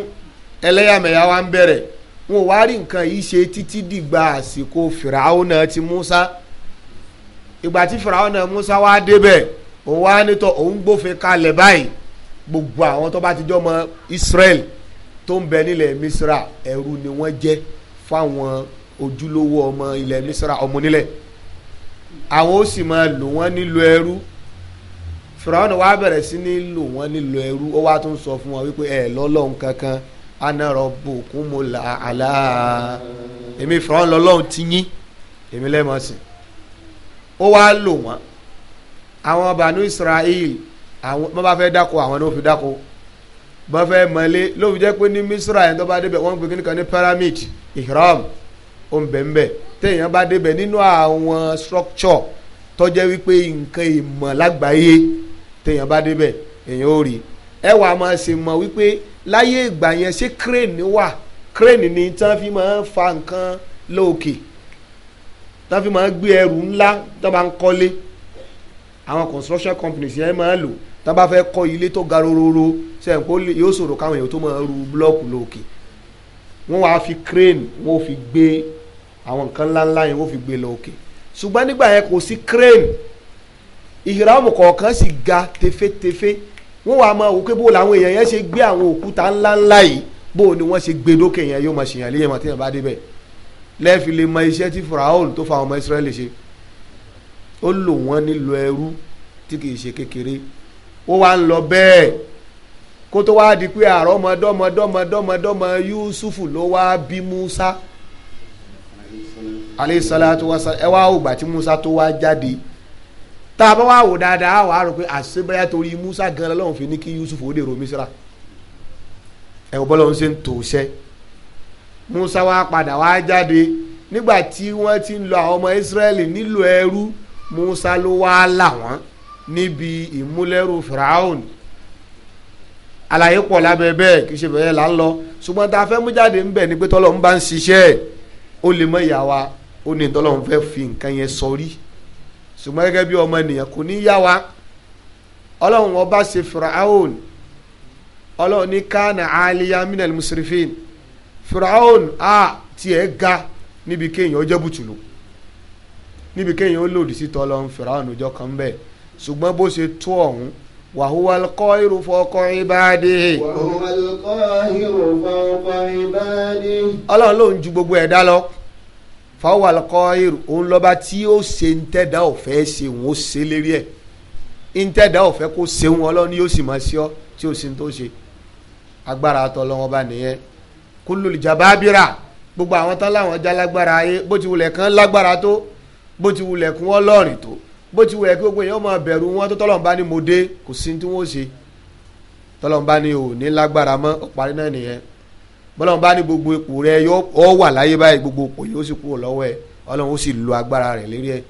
ẹlẹ́yàmẹ̀yà wá ń bẹ̀rẹ̀ wọn ò wá rí nǹkan yìí ṣe títí dìgbà àsìkò fìràwọnà ti Musa ìgbà tí fìràwọnà Musa wá débẹ̀ òun wá nítọ̀ òun gbófin kalẹ̀ báyìí gbogbo àwọn tó bá ti jọ́ mọ́ Israel tó ń bẹ nílẹ̀ misra ẹrú ni wọ́n jẹ́ fáwọn ojúlówó ọmọ ilẹ̀ misra ọmọ nílẹ̀ àwọn ó sì máa lò wọ́n nílò ẹrú fìràwọn wa bẹ̀rẹ̀ sí ní lò wọ́n nílò ẹrú ó wá tún sọ fún wọn wípé ẹ lọ́lọ́run kankan anarọ bòkún mo là àlá èmi fìràwọn lọ́lọ́run ti yín èmi lẹ́mọ̀ sìn ó wá lò wọ́n àwọn bànú Israel àwọn bá fẹ́ dáko àwọn ni ó fi dáko bá fẹ́ mọ̀lé lóun jẹ́ pé ní misra yẹn tó bá débẹ̀ wọ́n ń pè kí nìkan ní pyramid ihram ombẹ̀mbẹ̀ téèyàn bá débẹ̀ nínú àwọn structure tó jẹ́ wípé nǹkan ìmọ̀ lágbàáyé téèyàn bá débẹ̀ èèyàn ò rí ẹ wà á máa ṣe mọ̀ wípé láyé ìgbà yẹn ṣé crane wà crane ni tí wọ́n fi máa ń fa nǹkan lóòkè tí wọ́n fi máa ń gbé ẹrù ńlá tí wọ́n ń kọ́lé àwọn construction companies yẹn máa ń lò tí wọ́n bá fẹ́ kọ́ ilé tó ga rororo sẹ́yìn pé yóò ṣòro káwọn èèyàn tó máa ru búlọ́ọ̀kù lóòkè wọ́n wáá fi crane wọ́n fi gbé àwọn nǹkan ńláńlá yẹn wọ́n fi gbé lóòkè ṣùgbọ́n nígbà yẹn kò sí crane ìhìrámù kọ̀ọ̀kan sì ga tefetefe wọ́n wàá máa wò pé bó làwọn èèyàn yẹn ṣe gbé àwọn òkúta ńláńlá yìí bó ni wọ́n ṣe gbé dókè yẹn yóò máa ṣèyàn léyìn àti ìyàbá débẹ̀ lẹ́ẹ̀fi lè mọ iṣẹ́ tí faraon tó fa ọmọ Israẹli ṣe ó lò wọ́n nílò ẹrú tí kì í ṣe kékeré ó wá ń lọ bẹ́ẹ̀ kó tó wá di pé àrọ́mọdọ́mọdọ́mọdọ́mọdọ́mọ Yusufu ló wá bí Musa aleyhisalatu wasa ẹ wá ògbà tí Musa tó wá jáde tá a bá wá wò dáadáa wà á rò pé àṣebáyà torí Musa gan lọ́wọ́n fi ní kí Yusufu ó dèrò Misra ẹ wò bọ́lá ń ṣe ń tò ṣẹ́ Musa wá padà wá jáde nígbà tí wọ́n ti ń lo àwọn ọmọ Israẹli nílò ẹrú Musa ló wá là wọ́n níbi ìmúlẹ́rù Firaun àlàyé pọ̀ kì í ṣe bẹ́ẹ̀ là ń lọ ṣùgbọ́n tá a fẹ́ mú jáde ń ni pé tọ́lọ́ ń bá ń ṣiṣẹ́ ó lè mọ ìyá wa ó ní tọ́lọ́ ń fẹ́ fi nǹkan yẹn sọrí ṣùgbọ́n gẹ́gẹ́ bí ọmọ ènìyàn kò ní yá wa ọlọ́run ọba ṣe ọlọ́run ní kánà aliya وهو القاهر فوق عباده وهو القاهر فوق عباده ọlọ́run ló ń ju gbogbo ẹ̀dá lọ fáwọn alqahiru òun lọ́ba tí ó ṣe ń tẹ̀dá ọ̀fẹ́ ṣe òun ó ṣe lérí ẹ̀ ń tẹ̀dá ọ̀fẹ́ kó ṣe òun ọlọ́run yóò sì máa ṣe ọ́ tí ó sì ń tó ṣe agbára tọ́ lọ́wọ́ bá nìyẹn kullul jababira gbogbo àwọn tán láwọn já lágbára ayé bó ti wulẹ̀ kán lágbára tó bó ti wulẹ̀ kún ọlọ́rìn tó bó ti wulẹ̀ kí gbogbo èèyàn máa bẹ̀rù wọn tó tọ́lọ̀ ń bá ní mo dé kò sí tí wọ́n ṣe tọ́lọ̀ ń bá ní o ní lágbára mọ́ ó parí náà nìyẹn bọ́lọ̀ ń bá ní gbogbo ipò rẹ ọ wà láyé báyìí gbogbo ipò yìí ó sì kúrò lọ́wọ́ ẹ ọlọ́run ó sì lo agbára rẹ̀ lérí ẹ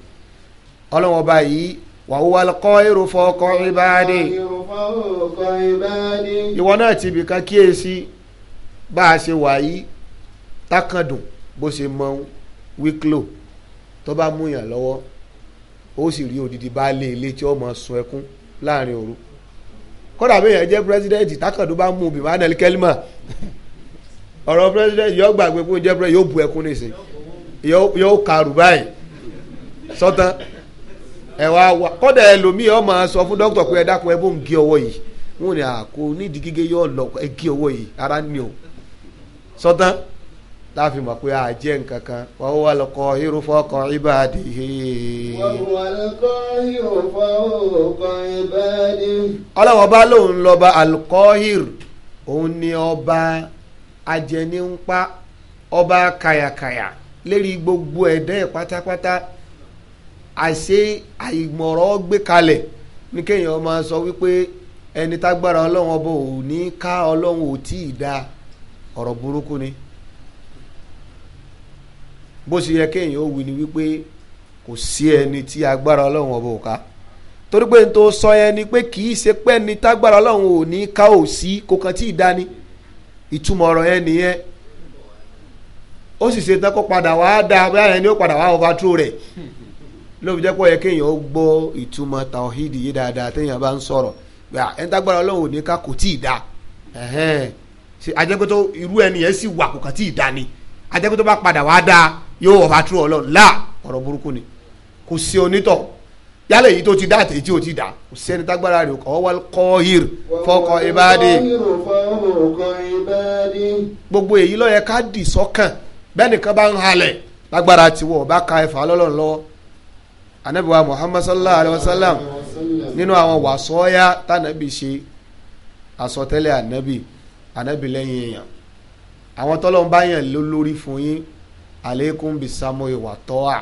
ọlọ́run ọba yìí wàá wà lọ́kọ́ èrò fọkọ ìbáde ìwọ náà ti bìkan kíyèsí bá a ṣe wà yìí tákàndùn bó ṣe mọ wíklò tó bá múyàn lọ́wọ́ ó sì rí odidi baálé ilé tí ó máa sun ẹkún láàrin òru kódà bí èèyàn jẹ́ pírẹsidẹ́ǹtì tákàndó bá mú bímọ anel kelma ọ̀rọ̀ pírẹsidẹ́ǹtì yóò gbàgbé kó jẹ́ yóò bu ẹkún nísìnyí yóò kàrú báyìí sọ́tàn ẹ̀wà wà kódà ẹlòmíì ó máa sọ fún dókítà pé ẹ dákun ẹ bó ń gé ọwọ́ yìí wọn ni àkó nídìí gígé yóò lọ ẹ gé ọwọ́ yìí ara ni o sọ́tàn. So láfi mọ̀ pé a jẹ́ nǹkan kan wa huwa al-qahiru fawqa ibadihi. wa huwa al-qahiru fawqa ibadihi. ọlọ́wọ́ bá lóun lọ́ba al-qahir òun ni ọba ajẹnipa ọba kàyàkàyà lérí gbogbo ẹ̀dá pátápátá àṣé àìmọ̀rọ̀ gbé kalẹ̀ ní kéèyàn máa sọ wípé ẹni tágbára ọlọ́run ọba ò ní ká ọlọ́run ò tí ì da ọ̀rọ̀ burúkú ni. bó sì yẹ kéèyàn ó wí ni wípé kò sí ẹni tí agbára ọlọ́run ọba ò torí pé n tó sọ yẹn ni pé kì í ṣe ẹni tágbára ọlọ́run ò ní ká ò sí kò kàn tí ì dání ìtumọ̀ ọ̀rọ̀ yẹn nìyẹn ó sì ṣe tán kó padà wá dá ni ó padà wá rẹ̀ ló fi jẹ́ pọ̀ yẹ kéèyàn ó gbọ́ ìtumọ̀ yìí dáadáa téèyàn bá ń sọ̀rọ̀ gbà ẹni yẹn yóò wọ̀ fàtúrò ọlọ́run láà ọ̀rọ̀ burúkú ni kò sí onítọ̀ yálẹ̀ èyí tó ti dá àtẹ̀yí tí ò ti dá kò sí ẹni tágbára rẹ̀ kọ́ wọ́n kọ́ hir fọkọ̀ ìbáde. gbogbo èyí ló yẹ ká dì sọ́kàn bẹ́ẹ̀ nìkan bá ń halẹ̀ lágbára tiwọ̀ ọba ka ẹ̀fà lọ́lọ́run lọ́wọ́ anabiwa muhammad sallallahu alayhi wa sallam nínú àwọn wàsọ́ọ́yá tànàbì ṣe àsọtẹ́lẹ̀ ànábì ànábì lẹ́yìn èèyàn àwọn tọ́lọ́mbáyàn aleikum bisamo ìwà tọ́à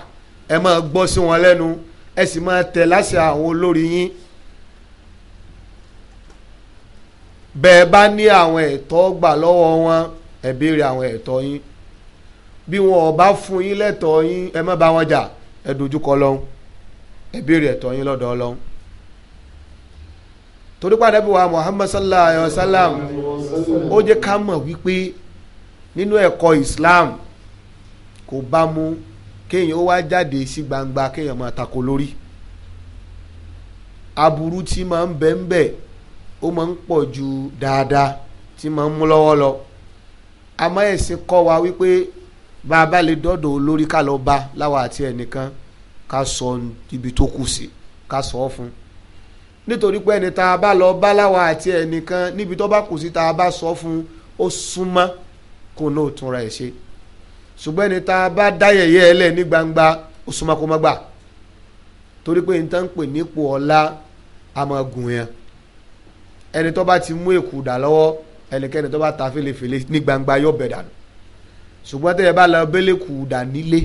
ẹ máa gbọ́ sí wọn lẹ́nu ẹ sì máa tẹ̀ láṣẹ àwọn olórí yín bẹ́ẹ̀ bá ní àwọn ẹ̀tọ́ gbà lọ́wọ́ wọn ẹ béèrè àwọn ẹ̀tọ́ yín bí wọn ò fún yín yín ẹ má wọn jà ẹ dojúkọ lọ́hùn ẹ béèrè ẹ̀tọ́ yín lọ́dọ̀ torí padà bí wa sallallahu Islam. kò bá mu kéèyàn ó wá jáde sí gbangba kéèyàn máa tako lórí aburú tí máa ń bẹ ń bẹ ó máa ń pọ̀ ju dáadáa tí máa ń mú lọ́wọ́ lọ àmọ́ ẹ̀sìn kọ́ wa wípé bá a bá lè dọ́dọ̀ olórí ká lọ bá láwa àti ẹnìkan ká sọ ibi tó kù sí ká sọ ọ́ fún un nítorí pé ẹni tá a bá lọ bá láwa àti ẹnìkan níbi tó bá kù sí tá a bá sọ fún un ó súnmọ́ kó náà tún ra ẹ̀ ṣe ṣùgbọ́n ẹni tá a bá dáyẹ̀yẹ́ ẹ lẹ̀ ní gbangba ó súnmọ́ kó má gbà torí pé nǹkan ń pè nípò ọlá amagun yẹn ẹni tó bá ti mú èkú dà lọ́wọ́ ẹnikẹ́ni tó bá ta fèlèfèlè ní gbangba yóò bẹ̀ dànù ṣùgbọ́n tẹ́yẹ bá lọ abẹ́lé kù dà nílé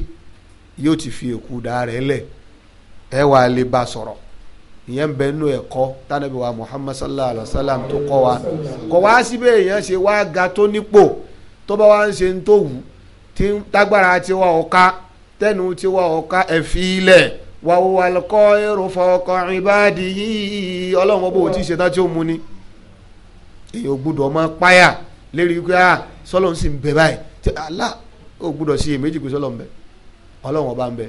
yóò ti fi èkú dà rẹ̀ lẹ̀ ẹ wà lè bá sọ̀rọ̀ ìyẹn bẹ nínú ẹ̀kọ́ tánàbí wa Muhammad sallallahu alayhi wa sallam tó kọ́ wa kọ̀ wá síbẹ̀ èèyàn ṣe wá ga tó nípò tó bá wá ń ṣe ń tó wù tí tágbára ti wá ọ̀ka tẹnu ti wá ọ̀ka ẹ̀fí ilẹ̀ wàhùwàlùkọ́ èrò fọkàn ìbáàdì yìí ọlọ́run ọba ò tí ì ṣetán tí ó mu ni èyí ò gbúdọ̀ ọmọ páyà lérí pé ah sọlọ ń sì ń bẹ báyìí tí alá ò gbúdọ̀ sí èméjì pé sọlọ ń bẹ ọlọ́run ọba ń bẹ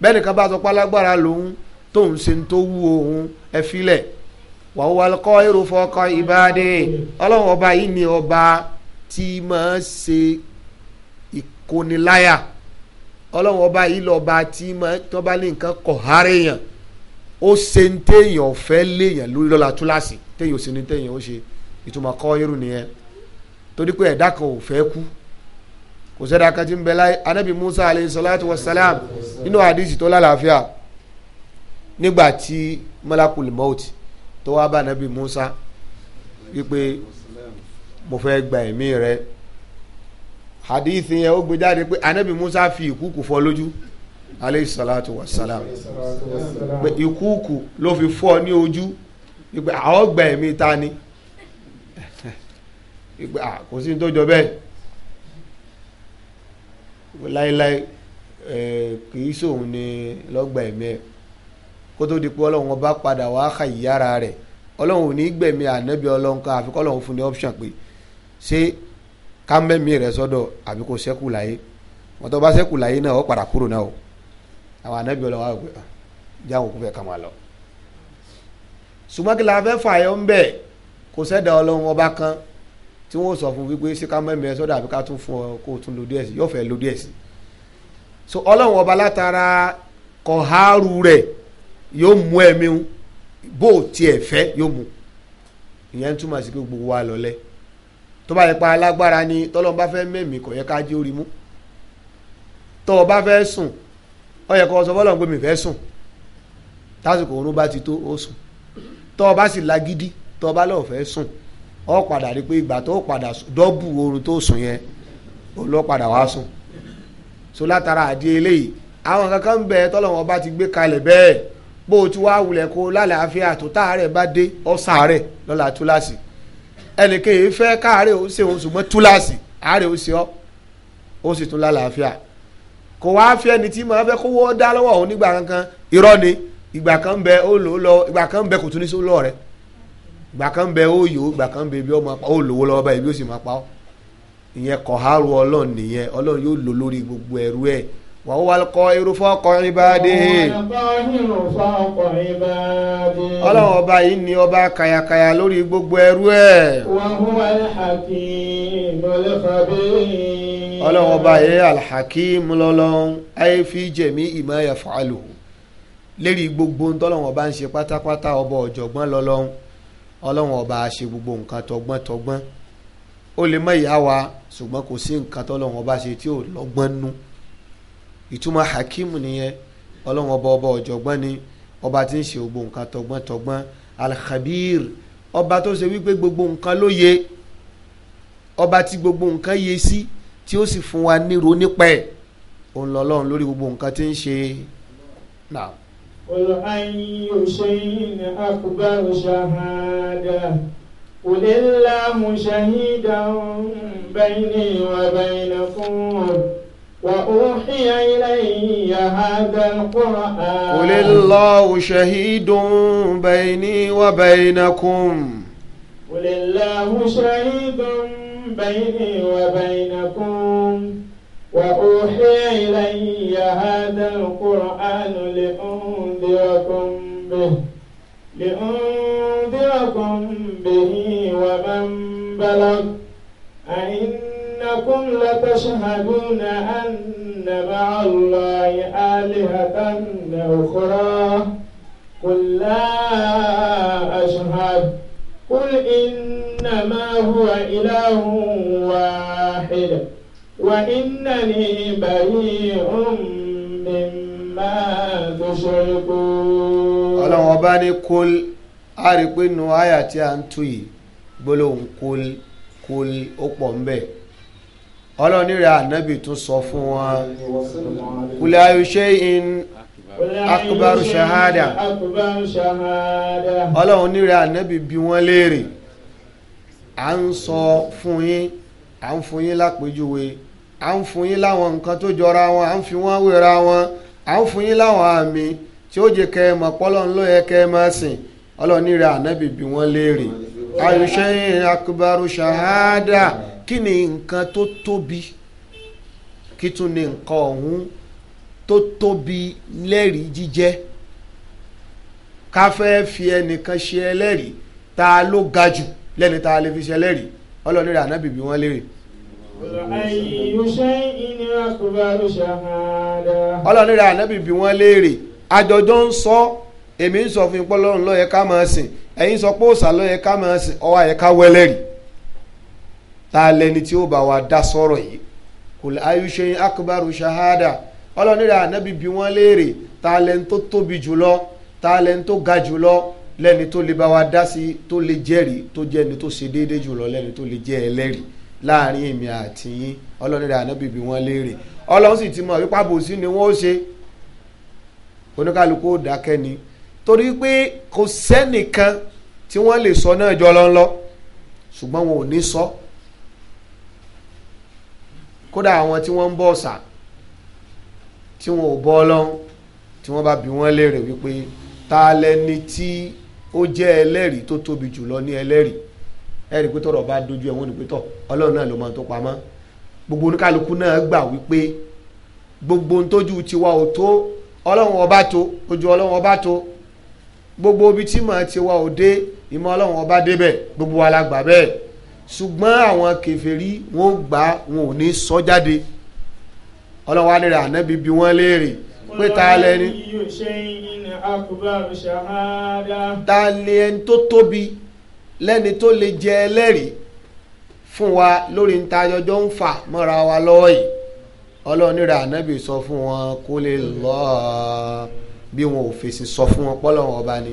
bẹ́ẹ̀ nìkan bá sọ pálágbára lòun tóun ṣe ń tó wú òun ẹ̀fí ilẹ̀ èrò fọkàn ìbáàdì ọlọ́run ọba yìí ni ọba tí máa ṣe kò ní láyà ọba yìí lọ́ba tí tó bá ní nǹkan kọ̀ hárẹ̀ yàn ó ṣe ń téèyàn fẹ́ léèyàn lórí lọ́la túláàsì téèyàn ò ṣe ní téèyàn ó ṣe ìtumọ̀ kọ́ irú nìyẹn torí pé ẹ̀dá kan ò fẹ́ kò sẹ́dá kan ń bẹ Musa alayhi nínú àdìsí tó lálàáfíà nígbà tí malakul tó wá bá anábì Musa wípé mo fẹ́ gba ẹ̀mí rẹ̀ hadith yẹn ó gbé jáde pé anabi musa fi ìkúkù fọ́ lójú aleyhi salatu wa salam pé ìkúkù ló fi fọ́ ní ojú ìpè àwọn gba ẹ̀mí ta ni ìpè kò sí tó jọ bẹ́ẹ̀ láéláé kì í sóun ni lọ́gbà ẹ̀mí ẹ̀ kó tó di pé ọlọ́run ọba padà wá ka ìyára rẹ̀ ọlọ́run ò ní gbẹ̀mí ànábì ọlọ́run ká àfikọ́ ọlọ́run fún ní option pé ṣé ká mẹ́mí rẹ̀ sọ́dọ̀ àbí kò sẹ́kù láyé wọ́n tó bá sẹ́kù láyé náà ó padà kúrò náà o àwọn anábì ọlọ́wọ́ àwọn lọ. sùmọ́kìlà afẹ́ fààyọ́ ń bẹ̀ kò sẹ́dà kan tí wọ́n sọ fún wípé ṣé ká mẹ́mí rẹ̀ sọ́dọ̀ àbí ká tún lu gbogbo wa tó bá yẹ pa alágbára ni tọ́lọ́n bá fẹ́ mẹ́mí kò yẹ ká jí orí mú tó o bá sùn ó yẹ sọ fọ́lọ́n pé mi sùn tásìkò oorun bá ti tó o sùn tó o sì lágídí tó o bá lọ́ọ̀ fẹ́ sùn ó padà rí pé ìgbà tó o padà dọ́bù oorun tó sùn yẹn ó lọ padà wá sùn so látara àdí eléyìí àwọn kankan ń bẹ tọ́lọ́wọ́n bá ti gbé kalẹ̀ bẹ́ẹ̀ bó o ti wá wulẹ̀ kó lálàáfíà tó táàárẹ̀ bá dé ó sàárẹ̀ lọ́la túláàsì ẹnìkan yìí fẹ́ káàárẹ̀ ó ṣe oṣù mọ́ túláàsì àárẹ̀ ó ṣe ọ́ ó sì tún lálàáfíà kò wá fi ẹni tí màá fẹ́ kó wọ́ dá lọ́wọ́ òun nígbà kankan irọ́ ni ìgbà kan ń bẹ ó lò ó lọ ìgbà kan ń bẹ kò tún ní sólọ́ rẹ ìgbà kan ń bẹ ó yòó ìgbà kan ń bẹ ibi ó máa ó lòwó lọ́wọ́ báyìí ibi ó sì máa pa ọ́ ìyẹn kọ̀hárù ọlọ́run nìyẹn ọlọ́run yóò lò lórí gbogbo ẹrú ẹ̀ wa huwa al-qahiru fawqa ibadihi. ọlọ́run ọba yìí ni ọba kàyàkàyà lórí gbogbo ẹrú ẹ̀. wa huwa al-hakimul khabir. ọlọ́run ọba yìí al-hakim lọ́lọ́run ay fi jami'i ma yaf'aluhu lérí gbogbo ntọ́lọ́run ọba ń ṣe pátápátá ọba ọ̀jọ̀gbọ́n lọ́lọ́run ọlọ́run ọba ṣe gbogbo nǹkan tọgbọ́n tọgbọ́n ó lè mọ ìyá wa ṣùgbọ́n kò sí nǹkan tọ́lọ́run ọba ṣe tí ò lọ́gbọ́n nú ìtumọ̀ hakimu nìyẹn ọlọ́run ọba ọba ọ̀jọ̀gbọ́n ni ọba tí ń ṣe gbogbo nǹkan tọgbọ́n tọgbọ́n alkhabir ọba tó ṣe wípé gbogbo nǹkan ló yẹ ọba tí gbogbo nǹkan yẹ sí tí ó sì fún wa nírò nípa ẹ̀ òun lọ́lọ́run lórí gbogbo nǹkan tí ń ṣe náà. قل أي شيء أكبر شهادة قل الله شهيدا بيني وبينكم وأوحي إلي هذا القرآن قل الله شهيد بيني وبينكم قل الله شهيد بيني وبينكم وأوحي إلي هذا القرآن لأنذركم به لأنذركم به ومن بلغ أئن أنكم لتشهدون أن مع الله آلهة أخرى قل لا أشهد قل إنما هو إله واحد وإنني بريء مما تشركون ọlọ́run ọba ní kol a rí i pé كل àyà tí a ọlọ́ni rẹ̀ ànábì tún sọ fún wọn kùlẹ̀ ayọ̀ṣẹ́ in akubaru shahada ọlọ́run ní rẹ̀ ànábì bí wọ́n léèrè à ń sọ fún yín à ń fún yín lápèjúwe à ń fún yín láwọn nǹkan tó jọra wọn à ń fi wọ́n wéra wọn à ń fún yín láwọn àmì tí ó jẹ́ kẹ́ ẹ mọ̀ pọ́lọ́n ló yẹ kẹ́ ẹ máa sìn ọlọ́ni rẹ̀ ànábì bí wọ́n léèrè ayọ̀ṣẹ́ in akubaru shahada. Yeah. kí ni nǹkan tó tóbi kí tún ni nǹkan ọ̀hún tó tóbi lẹ́rìí jíjẹ́ ká fẹ́ẹ́ fi ẹnìkan ṣe ẹlẹ́rìí ta ló ga jù lẹ́ni ta lè fi ṣe ẹlẹ́rìí ọlọ́run rẹ̀ ànábì bí wọ́n lérè. ọlọ́run rẹ̀ ànábì bí wọ́n lérè àjọjọ́ ń sọ èmi ń sọ fún ipò ọlọ́run ló máa sìn ẹ̀yin sọ pé òòṣà ló máa sìn ó wá yẹ ká tá a lẹni tí ó bá wa dá sọ̀rọ̀ yìí kò lè ayúṣe akbaru shahada ọlọ́nira ànábì bí wọ́n léèrè tá a lẹni tó tóbi jùlọ tá a lẹni tó ga jùlọ lẹni tó lè bá wa dá sí tó lè jẹ́rìí tó jẹ́ ẹni tó ṣe déédéé jùlọ lẹni tó lè jẹ́ ẹlẹ́rìí láàrin èmi àti yín ọlọ́nira ànábì bí wọ́n léèrè ọlọ́run sì ti mọ̀ wípé àbòsí ni wọ́n ó ṣe oníkálukú ó dákẹ́ ni torí pé kò sẹ́nìkan tí wọ́n lè sọ náà jọ ṣùgbọ́n wọn ò ní sọ so kódà àwọn tí wọ́n ń bọ̀ ọ̀sà tí wọn ò bọ ọlọ́run tí wọ́n bá bi wọ́n léèrè wípé ta lẹni tí ó jẹ́ ẹlẹ́rìí tó tóbi jùlọ ní ẹlẹ́rìí ẹ̀rí pé tọ̀rọ̀ bá dojú ẹ̀wọ̀n ni pé tọ̀ ọlọ́run náà ló máa tó pamọ́ gbogbo oníkálukú náà gbà wípé gbogbo ntójú tiwa ò tó ọlọ́run ọba tó ojú ọlọ́run ọba tó gbogbo ibi tí màá tiwa ò dé ìmọ̀ ọlọ́run ọba débẹ̀ gbogbo wa bẹ́ẹ̀ ṣùgbọ́n àwọn kèfèrí wọn gbà wọn ò ní sọ jáde ọlọ́wọ́ anira ànábi bí wọ́n léèrè pé ta lẹni. ta lẹni tó tóbi lẹ́ni tó lè jẹ ẹlẹ́rìí fún wa lórí níta yọjọ́ ń fà mọ́ra wa lọ́wọ́ yìí ọlọ́nira ànábì sọ fún wọn kó lè lọ́ọ́ bí wọn ò fèsì sọ fún wọn pọ́lọ́wọ́n ọba ni.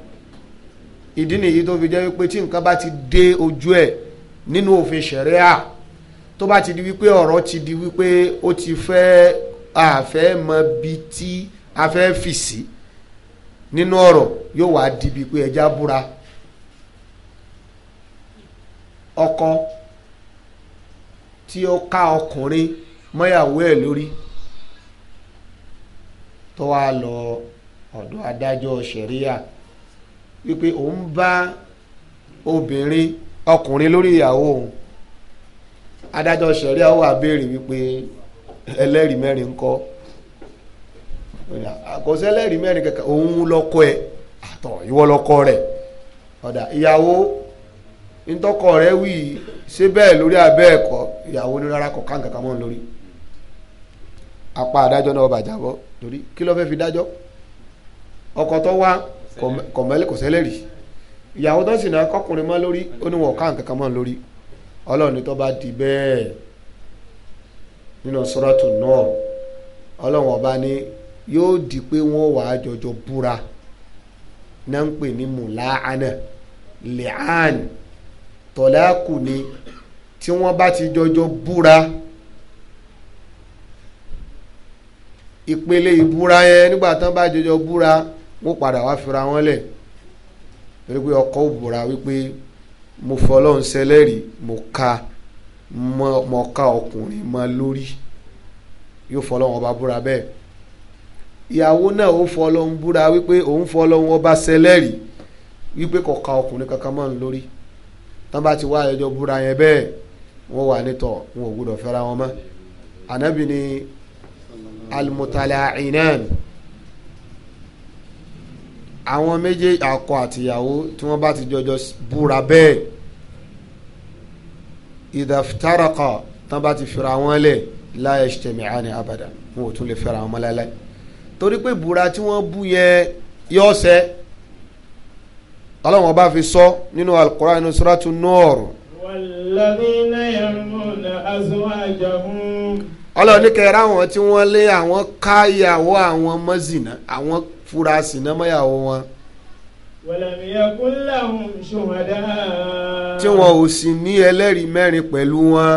ìdí nìyí tó fi jẹ́ wípé tí nǹkan bá ti dé ojú ẹ̀ nínú òfin ṣẹ̀ríà tó bá ti di wípé ọ̀rọ̀ ti di wípé ó ti fẹ́ àfẹ́ mọ bi tí a fẹ́ fì sí nínú ọ̀rọ̀ yóò wá di bíi pé ẹja búra ọkọ tí ó ká ọkùnrin mọ́yàwó ẹ̀ lórí tó wá lọ ọ̀dọ̀ adájọ́ ṣẹ̀ríà. wípé òun bá obìnrin ọkùnrin lórí ìyàwó òun adájọ́ sẹ̀ríà wà béèrè wípé ẹlẹ́rìí mẹ́rin ń kọ́ kò sẹ́lẹ́rìí mẹ́rin kankan òun lọ́kọ ẹ̀ àtọ̀ ìwọ lọ́kọ rẹ̀ ọ̀dà ìyàwó ntọ́kọ rẹ̀ wì í ṣé bẹ́ẹ̀ lórí abẹ́ ẹ̀kọ́ ìyàwó ní rárá kọ̀ apá adájọ́ náà bàjá kò mẹ́lẹ̀ kò ìyàwó tó ń sìnà kọkùnrin mọ́ lórí ó ní wọn ò ká nǹkan kan mọ́ lórí ọlọ́run ní tó bá di bẹ́ẹ̀ nínú sọ́rọ́tù náà ọlọ́run ọba ní yóò di pé wọ́n wà á jọjọ búra náà ń pè ní mùláàánà lẹ́àn tọ́láàkù ni tí wọ́n bá ti jọjọ búra ìpele ìbúra yẹn nígbà tán bá jọjọ búra. wọ́n padà wá fira wọn lẹ̀ torí pé ọkọ òbúra wípé mo fọlọ́run sẹlẹ́rì mo ka mo ka ọkùnrin mọ lórí yóò fọlọ́run ọba búra bẹ́ẹ̀ ìyàwó náà ó fọlọ́run búra wípé òun fọlọ́run ọba sẹlẹ́rì wípé kò ka ọkùnrin kankan mọ́ lórí tán bá ti wá ẹjọ́ búra yẹn bẹ́ẹ̀ wọ́n wà nítọ̀ wọn ò gbọdọ̀ fẹ́ra wọn mọ́ ànábì ni almutalainan àwọn méjèèjì akọ àtìyàwó tí wọ́n bá ti jọjọ búra bẹ́ẹ̀ ìdàfitáraka tán bá ti fira wọn lẹ̀ la yajtami'ani abada wọn ò tún lè fira wọn láéláé torí pé búra tí wọ́n bú yẹn yọ sẹ́ ọlọ́run ọba fi sọ nínú al-Qur'an nínú suratu Nur. ní kẹrẹ́ àwọn tí wọ́n lé àwọn káyàwó àwọn mọ́zìnà àwọn fúra sìnámọ́yàwó wọn. tí wọn ò sì ní ẹlẹ́rìí mẹ́rin pẹ̀lú wọn.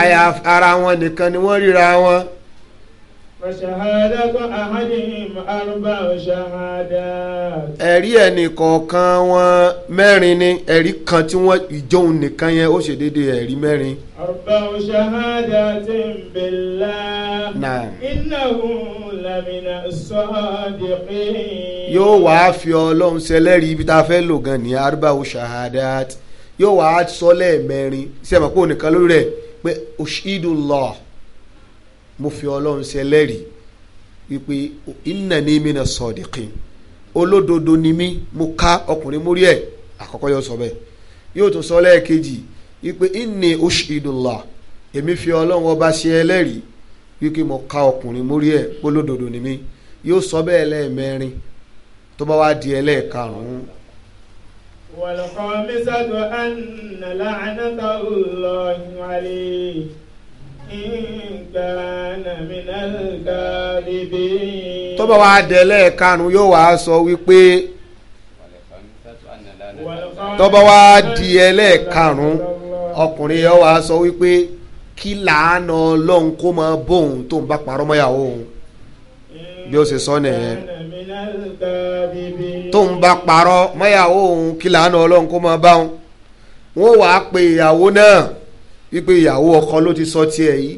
àyà ara wọn nìkan ni wọ́n ríra wọn. فشهادة أحدهم أربع شهادات. ẹ̀rí ẹnì kọ̀ọ̀kan wọn mẹ́rin ni ẹ̀rí kan tí wọ́n ìjọ́un nìkan yẹn ó ṣe déédéé ẹ̀rí mẹ́rin. أربع شهادات بالله. نعم. إنه لمن الصادقين. yóò wá fi ọlọ́run ṣẹlẹ́rìí ibi tá a fẹ́ lò gan ni أربع شهادات yóò wá sọ lẹ́ẹ̀mẹ́rin sẹ́mi kó nìkan lórí rẹ̀ pé أشهد الله mo fi ọlọ́run ṣe ẹlẹ́rìí wípé innani mina sadiqin olódodo ni mí mo ká ọkùnrin mórí ẹ̀ àkọ́kọ́ yóò sọ bẹ́ẹ̀ yóò tún sọ lẹ́ẹ̀kejì wípé inni ushidullah èmi fi ọlọ́run ọba ṣe ẹlẹ́rìí wípé mo ká ọkùnrin mórí ẹ̀ olódodo ni mí yóò sọ bẹ́ẹ̀ lẹ́ẹ̀mẹrin tó bá wá di ẹlẹ́ẹ̀karùn-ún والخامسة أن لعنة الله عليه tó bá wá dẹ̀lẹ́ karùn-ún yóò wá sọ wípé tó bá wá di ẹlẹ́ẹ̀karùn-ún ọkùnrin yóò wá sọ wípé kí làánà ọlọ́run kó máa bóun tó ń bá parọ́ mọ́yàwó òun bí ó ṣe sọ nìyẹn tó ń bá parọ́ mọ́yàwó òun kí làánà ọlọ́run kó máa bá òun wọ́n wàá pe ìyàwó náà. wípé ìyàwó ọkọ ló ti sọ tiẹ̀ yìí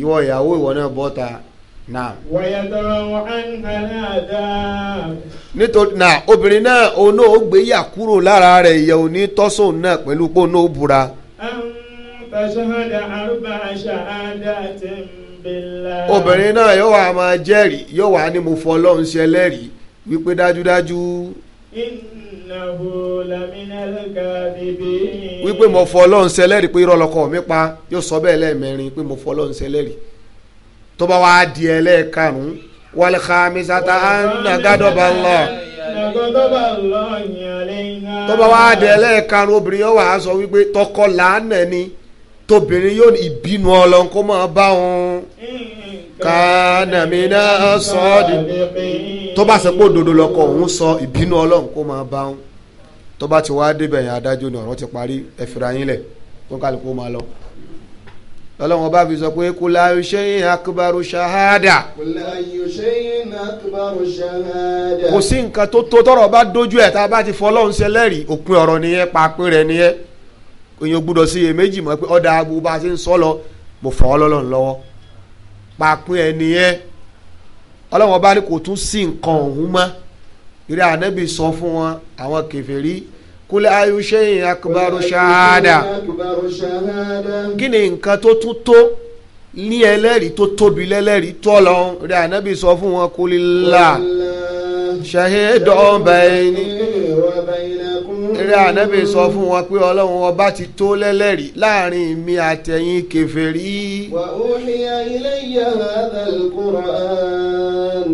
ìwọ ìyàwó ìwọ náà bọ́ta náà. wàyàtọ̀rọ̀ àǹkàlàdà. nítorí náà obìnrin náà òun náà ó gbé yà kúrò lára rẹ̀ ìyẹ̀ òní tọ́sùn náà pẹ̀lú pé òun náà ó búra. obìnrin náà yóò wá máa jẹ́rìí yóò wá ní mo fọ ọlọ́run ṣẹlẹ́rìí wípé dájúdájú wípé mo fọ ọlọ́run ṣẹlẹ́rìí pé irọ́ lọ́kọ mi pa yóò sọ bẹ́ẹ̀ lẹ́ẹ̀mẹrin pé mo fọ ọlọ́run ṣẹlẹ́rìí tó bá wàá di ẹlẹ́ẹ̀karùn-ún wal khamisata anna gadaba Allah tó bá wàá di ẹlẹ́ẹ̀karùn-ún obìnrin yóò wàá sọ wípé tọkọ làánà ni tóbìnrin yóò ìbínú ọlọ́run kó máa bá òun kana mina sọ́ọ̀dì tó bá ṣe pé òdodo lọ́kọ̀ òun sọ ìbínú ọlọ́run kó máa bá òun tó bá ti wá débẹ̀ yẹn adájọ́ ni ọ̀rọ̀ ti parí ẹ fira yín lẹ̀ kó kálukú máa lọ. ọlọ́run ọba fi sọ pé kò láyò ṣẹ́yìn akubaru ṣahada. kò láyò akubaru ṣahada. kò sí nǹkan tó tó tọrọ bá dojú ẹ̀ tá a bá ti fọ ọlọ́run ṣe lẹ́rìí òpin ọ̀rọ̀ nìyẹn paapin rẹ̀ nìyẹn èèyàn gbúdọ̀ sí iyèméjì mọ́ pé ọ̀dà agbó bá a ti ń sọ lọ mo fà ọ́ lọ́lọ́run lọ́wọ́ pàápín ẹni yẹn ọlọ́wọ́n bá ní kò tún sí nǹkan ọ̀hún mọ́ ìrẹ́ ànábì sọ fún wọn àwọn kèfèrí kúlẹ̀ ayúṣe yìí akọbárò ṣáádà kí ni nǹkan tó tún tó ní ẹlẹ́rìí tó tóbi lẹ́lẹ́rìí tó ọlọ́run ìrẹ́ ànábì sọ fún wọn kúlẹ̀ là ṣàhídọ́ọ̀bẹ̀ẹ́ni rẹ ànábì sọ fún wọn pé ọlọ́run ọba ti tó lẹ́lẹ́rìí láàrin mi àtẹ̀yìn kèfèrí. wa uhiya ilayya hadha al-Qur'an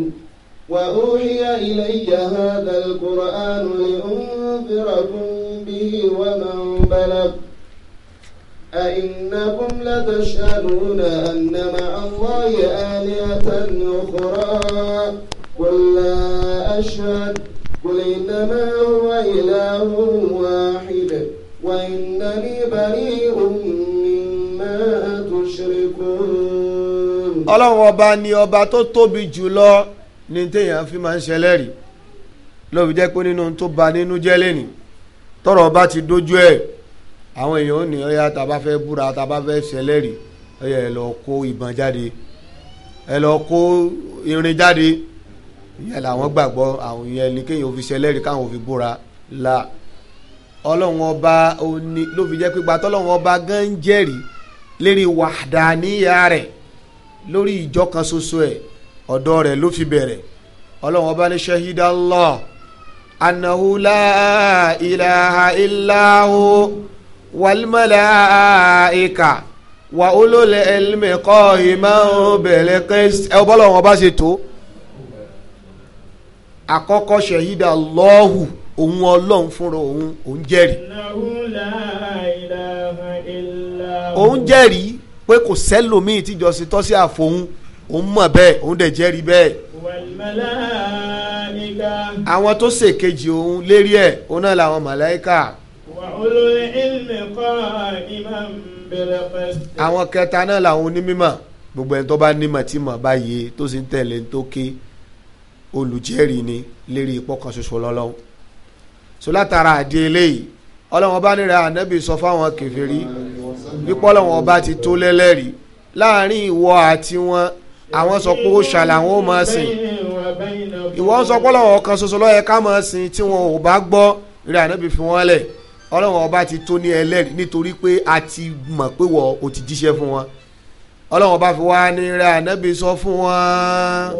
wa uhiya ilayya hadha al-Qur'an li unzirakum bihi wa man balagh. أئنكم لتشهدون أن مع الله آلهة أخرى قل لا أشهد قل إنما هو إله واحد وإنني بريء مما تشركون ọlọ́run ọba ni ọba tó tóbi jùlọ ní téèyàn fi máa ń ṣẹlẹ́rì lóbi jẹ́ pé nínú tó ba nínú jẹ́ lẹ́nì tọrọ ọba ti dójú ẹ̀ àwọn èèyàn ò ní ọyá tá fẹ́ búra tá a bá fẹ́ ẹ lọ kó ìbọn jáde ẹ lọ kó irin jáde ìyẹn làwọn gbàgbọ́ àwọn ìyẹn ni kéèyàn fi ṣẹlẹ́rìí káwọn fi búra la ọlọ́run ọba òní ló fi jẹ́ pé gbàtọ́ ọlọ́run ọba gan ń jẹ́rìí lérí wàdàníyà rẹ̀ lórí ìjọ kan ṣoṣo ẹ̀ ọ̀dọ̀ rẹ̀ ló fi bẹ̀rẹ̀ ọlọ́run ọba ní ṣahidà Allah annahu la ilaha illahu walmalaika wa ulul ilmi qa'iman bil qist ẹ bọ́lọ́run ọba ṣe àkọ́kọ́ ṣẹ̀yídà lọ́hù òun ọlọ́run fúnra òun òun jẹ́rìí. òun jẹ́rìí pé kò sẹ́lòmíì tíjọ́sìn tọ́sí àfọ̀hún òun mọ̀ bẹ́ẹ̀ òun dẹ̀ jẹ́rìí bẹ́ẹ̀. àwọn tó ṣèkejì òun lérí ẹ̀ òun náà làwọn màláíkà. àwọn kẹta náà làwọn onímọ̀ gbogbo ẹni tó bá nímọ̀ tí mọ̀ bá tó sì ń tẹ̀lé ń tó ké. Okay olùjẹ́rìí ni lérí ipò kan ṣoṣo lọ́lọ́wọ́ so látara àdé eléyìí ọlọ́wọ́n bá nira ànábì sọ fáwọn kèfèrí wípé ọlọ́wọ́n bá ti tó lẹ́lẹ́rìí láàrin ìwọ àti wọn àwọn sọ pé ó ṣàlà àwọn ó máa sìn ìwọ ń sọ pé ọlọ́wọ́n kan ṣoṣo lọ́yẹ ká máa sìn tí wọn ò bá gbọ́ rí ànábì fi wọ́n lẹ̀ ọlọ́wọ́n ọba ti tó ní ẹlẹ́rìí nítorí pé a ti mọ̀ pé wọ́n o ti jíṣẹ́ fún wọn ọlọ́run bá fi wá ní rẹ ànábì sọ fún wọn.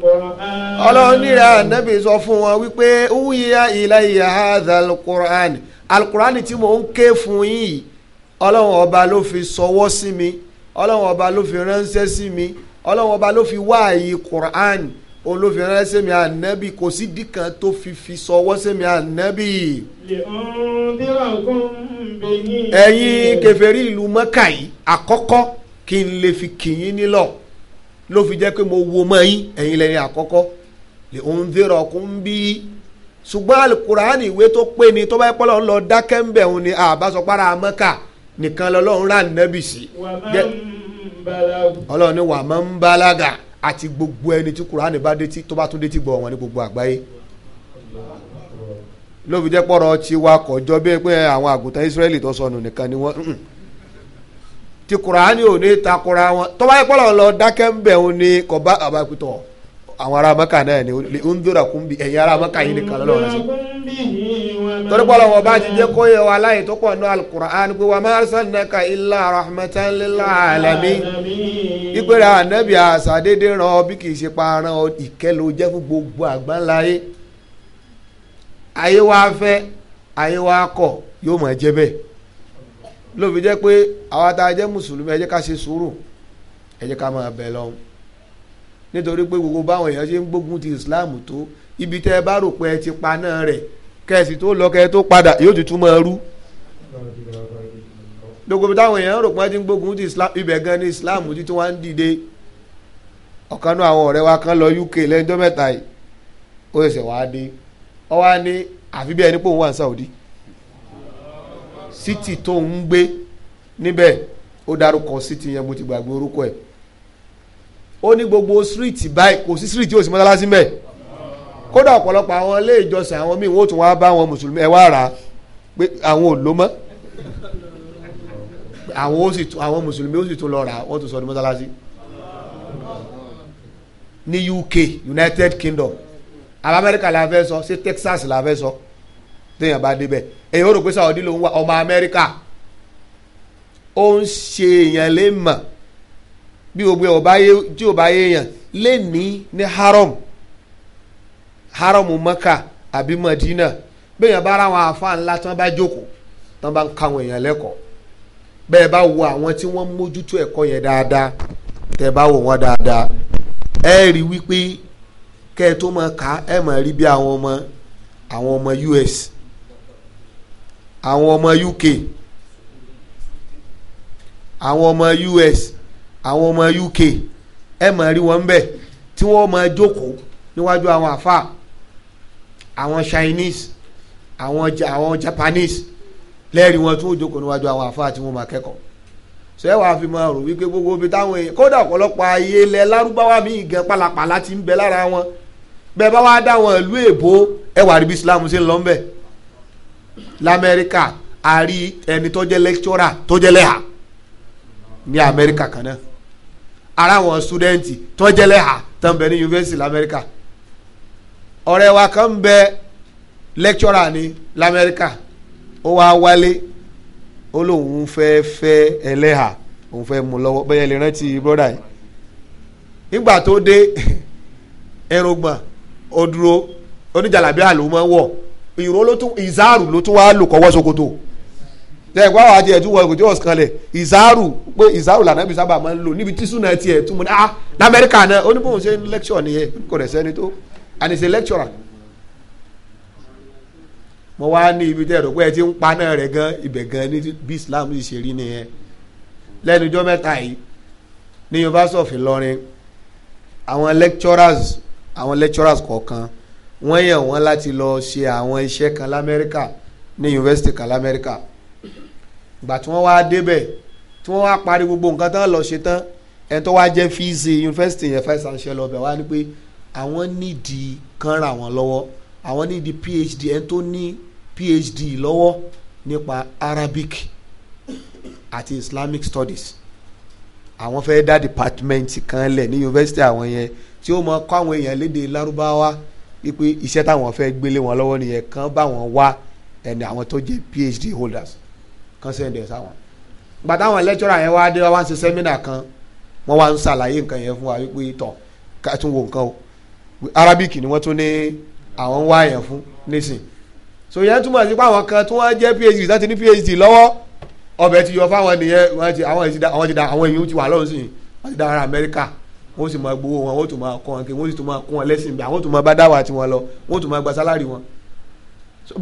qur'an. ọlọ́run ní rẹ ànábì sọ fún wọn wípé hìyà ilé ìyá hadal qur'an alukur'an tí mò ń ké fún yìí ọlọ́run ọba ló fi sọwọ́ sí mi ọlọ́run ọba ló fi ránṣẹ́ sí mi ọlọ́run ọba ló fi wáàyí qur'an òun ló fi ránṣẹ́ sẹ́mi ànábì kò sí dìkan tó fi fi sọwọ́ sẹ́mi ànábì. ẹ̀yin kèfèrí ìlú mọ́kà yìí àkọ́kọ́ kí n lè fi kìyín nílọ̀ ló fi jẹ́ pé mo wo mọ́ yín ẹ̀yin lẹ́ni àkọ́kọ́ lè òun dèrò ọkùn bí ṣùgbọ́n alukurani ìwé tó pé ni tó bá yẹ pọ́lọ́ lọ dákẹ́ ń bẹ̀ òun ni àbásọpára mọ́kà nìkan lọ́lọ́run rà nẹ́bì sí. ọlọ́run ni wàá máa ń balaga. àti gbogbo ẹni tí kuraani bá dé tí tó bá tún dé tí gbọ́ wọn gbogbo àgbáyé ló fi jẹ́ tí wa kò jọ bí pé àwọn àgùntàn Israẹli tó sọnù nìkan ni wọ́n ti kuraani ò ní takora wọn tó bá yẹ pọ́lọ̀ lọ dákẹ́ ń ni bá àwọn maka náà ni ń kún bí ẹ̀yin ará maka yìí nìkan torí pé ọlọ́wọ́ bá ti jẹ́ kó yẹ wa láyé tó pọ̀ ní alukur'an pé wa ma arsalnaka illa rahmatan lil alamin ìpè rẹ̀ ànábì àṣàdédé ràn ọ́ bí kì í ṣe pa ràn ọ́ ìkẹ́ ló jẹ́ fún gbogbo àgbáńláyé ayé wa fẹ́ ayé wa kọ̀ yóò mọ̀ ẹ́ bẹ́ẹ̀ ló fi jẹ́ pé àwa tá a jẹ́ mùsùlùmí ẹ ká ṣe sùúrù ẹ ká máa bẹ̀ lọ́hùn nítorí pé gbogbo báwọn èèyàn ṣe ń gbógun ti Islam tó ibi tẹ́ ẹ bá rò pé ẹ ti pa náà rẹ̀ kẹ̀sì tó lọ kẹ́ tó padà yóò ti tún máa rú gbogbo táwọn èèyàn rò pé wọ́n ti ń gbógun ti islam ibẹ̀ gan ni islam ti tún wá ń dìde ọ̀kan náà àwọn ọ̀rẹ́ wa kan lọ UK lẹ́jọ́ mẹ́ta yìí ó ṣẹ̀ṣẹ̀ wá dé ọ wá ní àfi bí ẹni pé òun wà ní Saudi city tó ń gbé níbẹ̀ ó dárúkọ city yẹn mo ti gbàgbé orúkọ ẹ̀ ó ní gbogbo street báyìí kò sí street tí ò sí mọ́tálásí mẹ́ẹ̀ kódà ọ̀pọ̀lọpọ̀ àwọn ilé ìjọsìn àwọn míì wọ́n tún wá bá àwọn mùsùlùmí ẹ wá rà á pé àwọn ò ló mọ́ àwọn mùsùlùmí ó sì tún lọ rà wọ́n tún sọ ní mọ́sálásí ní UK United Kingdom àbá Amẹ́ríkà la fẹ́ sọ sí Texas la fẹ́ sọ téèyàn bá débẹ̀ èyí ó rò pé Saudi ló ń wá ọmọ Amẹ́ríkà ó ń ṣe èèyàn lè mọ̀ bí gbogbo bá yé èèyàn lè ní ní haram. haramu maka àbí madina bẹ́ẹ̀ bá ra àwọn àáfàá ńlá tí wọ́n bá jókòó tí wọ́n bá ń ka àwọn èèyàn lẹ́kọ̀ọ́ bẹ́ẹ̀ bá wo àwọn tí wọ́n mójútó ẹ̀kọ́ yẹn dáadáa tẹ́ bá wò wọ́n dáadáa ẹ rí wípé kẹ́ ẹ tó máa kà á ẹ máa rí bí àwọn ọmọ àwọn ọmọ US àwọn ọmọ UK àwọn ọmọ US àwọn ọmọ UK ẹ máa rí wọn bẹ́ẹ̀ tí wọ́n máa jókòó níwájú àwọn àáfàá àwọn Chinese àwọn àwọn Japanese lẹ́ẹ̀rí wọn tún jókòó níwájú àwọn àfáà tí wọ́n máa kẹ́kọ̀ọ́ sọ ẹ wàá fi máa rò wípé gbogbo ibi táwọn èèyàn kódà ọ̀pọ̀lọpọ̀ ayé ilẹ̀ lárúbáwá mi gan pálapàla ti ń bẹ lára wọn bẹ́ẹ̀ bá wá dá wọn ìlú èbó ẹ wà rí bí Islam ṣe ń lọ ńbẹ l'Amẹ́ríkà a ẹni tó jẹ́ lecturer tó jẹ́ lẹ́hà ní Amẹ́ríkà kan náà ara àwọn student tó jẹ́ lẹ́hà tó ń bẹ ní yunifásitì l'Amẹ́ríkà ọ̀rẹ́ wa kan ń bẹ lẹ́kítọ́rà ní lamẹ́ríkà ó wá wálé ó lóun fẹ́ fẹ́ ẹlẹ́hà òun fẹ́ mú lọ́wọ́ bẹ́ẹ̀ lè rántí brọ́dà yìí nígbà tó dé ẹrùngbọ̀n ó oníjàlábíà ló máa ń ìró ló tún ìzáàrù ló tún wá lò kọ́wọ́ wọ ìkòtí kan lẹ̀ ìzáàrù pé ìzáàrù làná ibi sábà máa ń lò níbi tún ní ah náà ó ní bóun ṣe ń nìyẹn kò tó and he's a lecturer mo wá ní ibi tẹ́ ẹ̀rọ pé ẹ ti ń paná rẹ̀ gan ibẹ̀ gan ní bí Islam ṣe rí nìyẹn lẹ́nu ọjọ́ mẹ́ta yìí ní University of Ìlọrin àwọn lecturers àwọn lecturers kọ̀ọ̀kan wọ́n yàn wọ́n láti lọ ṣe àwọn iṣẹ́ kan lamẹ́ríkà ní yunifásitì kan lamẹ́ríkà ìgbà tí wọ́n wá débẹ̀ tí wọ́n wá parí gbogbo nǹkan tán lọ ṣe tán ẹni tó wá jẹ́ fíìsì yunifásitì yẹn fẹ́ sàn ṣe lọ wá ní pé àwọn nídìí kan ra wọn lọ́wọ́ àwọn nídìí phd ẹni tó ní phd lọ́wọ́ nípa arabic àti islamic studies àwọn fẹ́ dá department kan lẹ̀ ní yunifásitì àwọn yẹn tí ó mọ kọ́ àwọn èèyàn léde lárúbáwá wípé iṣẹ́ táwọn fẹ́ gbélé wọn lọ́wọ́ nìyẹn kan bá wọn wá ẹni àwọn tó jẹ́ phd holders kan send ẹ̀ sáwọn. ìgbà táwọn lecturer yẹn wá dé wá ń ṣe sẹ́mínà kan wọ́n wá ń ṣàlàyé nǹkan yẹn fún wa wípé tọ̀ ká tún wo nǹkan o arabic ni wọ́n tún ní àwọn ń wá èèyàn fún nísìn so yẹn túmọ̀ sí pé àwọn kan tí wọ́n jẹ́ phd láti ní phd lọ́wọ́ ọbẹ̀ ti yọ fáwọn nìyẹn wọ́n ti àwọn ti da àwọn ti da àwọn èèyàn ti wà lọ́wọ́ sí i wọ́n ti da ara amẹ́ríkà wọ́n sì máa gbowó wọn wọ́n tún máa kọ́ wọn kí wọ́n sì tún máa kún wọn lẹ́sìn bí àwọn tún máa bá dáwà tiwọn lọ wọ́n tún máa gba sálárì wọn.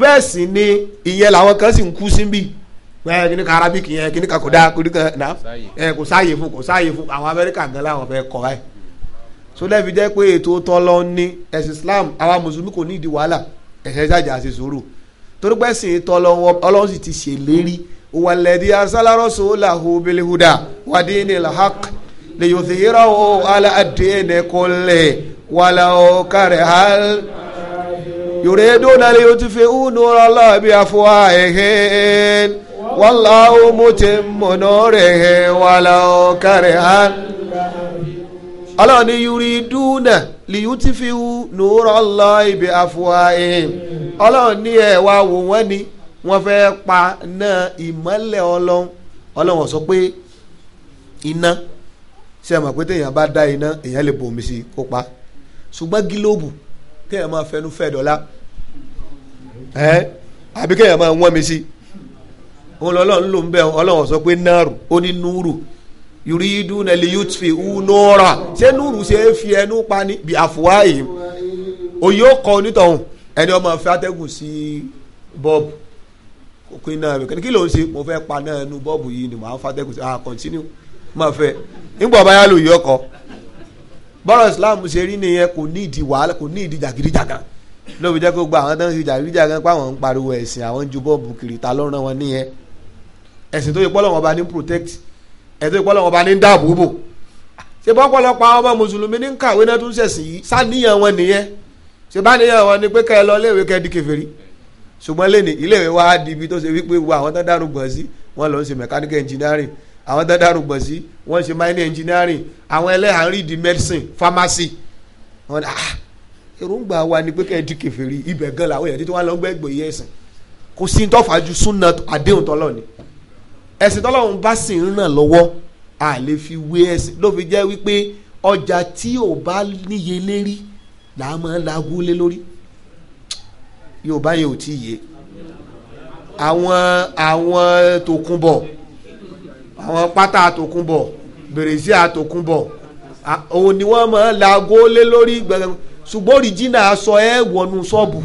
bẹ́ẹ̀ sì ni ìyẹn làwọn kan sì ń kú sí bí ẹ kí ni ka arabic yẹn kí ni ka kò dáa kò ní kan náà kò sáàyè fún kò sáàyè fún àwọn amẹ́ríkà gan láwọn fẹ́ kọ́ báyìí so lẹ́ẹ̀fi jẹ́ pé ètò tọ́lọ́ ní ẹ̀sìn Islam àwa mùsùlùmí kò ní ìdí wàhálà ẹ̀sẹ̀ jàjà ṣe sòrò torí pé ẹ̀sìn tọ́lọ́ ọlọ́run sì ti ṣèlérí wàlẹ́dí asálárọ̀sọ làhùn bilihuda wàdí ní lahaq lè yóò fi yíra o ala àdéhùn ẹ̀kọ́ lẹ̀ wàlà o kàrẹ̀ hàl yuriduna liyutfi'u nurallahi bi afwahihim wallahu mutimmu nurihi walau karihal ọlọ́run ní yuriduna liyutifiu nurallahi bi afwahihim ọlọ́run ní ẹ̀ wá wò wọ́n ni wọ́n fẹ́ pa náà ìmọ́lẹ̀ ọlọ́run ọlọ́run sọ pé iná ṣe àmọ̀ pé téèyàn bá dá iná èèyàn lè bomi sí kó pa ṣùgbọ́n gílóòbù téèyàn máa fẹnu fẹ́ dọ́là ẹ́ àbí kéèyàn máa wọ́n mi sí òun lọ́lọ́run ló ń bẹ̀ ọlọ́run sọ pé náàrù ó ní núrù yuridu na liyutfi unora ṣé núrù ṣe é fi ẹnu pa ní bí àfùwá yìí òye ó kọ onítọ̀hún ẹni ọmọ fẹ́ atẹ́gùn sí bob òkú iná mi kí ló ń ṣe mo fẹ́ pa náà nu bob yìí ni màá fatẹ́gùn sí ah continue má fẹ́ nígbà báyà ló yọ ọkọ bọ́rọ̀ islam ṣe rí nìyẹn kò ní ìdí wàhálà kò ní ìdí jàgídíjàgan lóbi jẹ́ kó gba àwọn tó ń ṣe jàgídíjàgan pé àwọn ń pariwo ẹ̀sìn àwọn ń ju bọ́ọ̀bù kiri ta lọ́rùn wọn nìyẹn ẹ̀sìn tó yẹ pọ́lọ́ wọn bá ní protect ẹ̀tọ́ ìpọ́lọ́wọ́ bá ní dáàbò bò ṣe bọ́pọ̀lọpọ̀ àwọn ọmọ mùsùlùmí ní kàwé náà tún ṣẹ̀sìn yìí sáníyàn wọn nìyẹn ṣe bá níyàn wọn ni pé kẹ́ ẹ lọ iléèwé kẹ́ ẹ di kèfèrí ṣùgbọ́n lẹ́nu iléèwé wa di ibi tó ṣe wípé wo àwọn tó dárúgbọ̀n sí wọn lọ ń ṣe mechanical engineering àwọn tó dárúgbọ̀n sí wọn ṣe mining engineering àwọn ẹlẹ́hàn rí di medicine pharmacy wọn ah èròǹgbà wa ni pé kẹ́ ẹ di kèfèrí ibẹ̀ gan làwọn èèyàn títí wọn lọ ni ẹ̀sìn tọ́lọ́run bá sì ń ràn lọ́wọ́ a lè fi wé ẹ̀sìn ló fi jẹ́ wípé ọjà tí ò bá níye lérí là á máa lagún lé lórí yorùbá yẹn ò tí ì yé àwọn àwọn tòkunbọ̀ àwọn pátá tòkunbọ̀ bèrèsí àtòkunbọ̀ òun ni wọ́n máa lagún lé lórí ṣùgbọ́n òrìjìnà aṣọ ẹ̀ wọnú ṣọ́ọ̀bù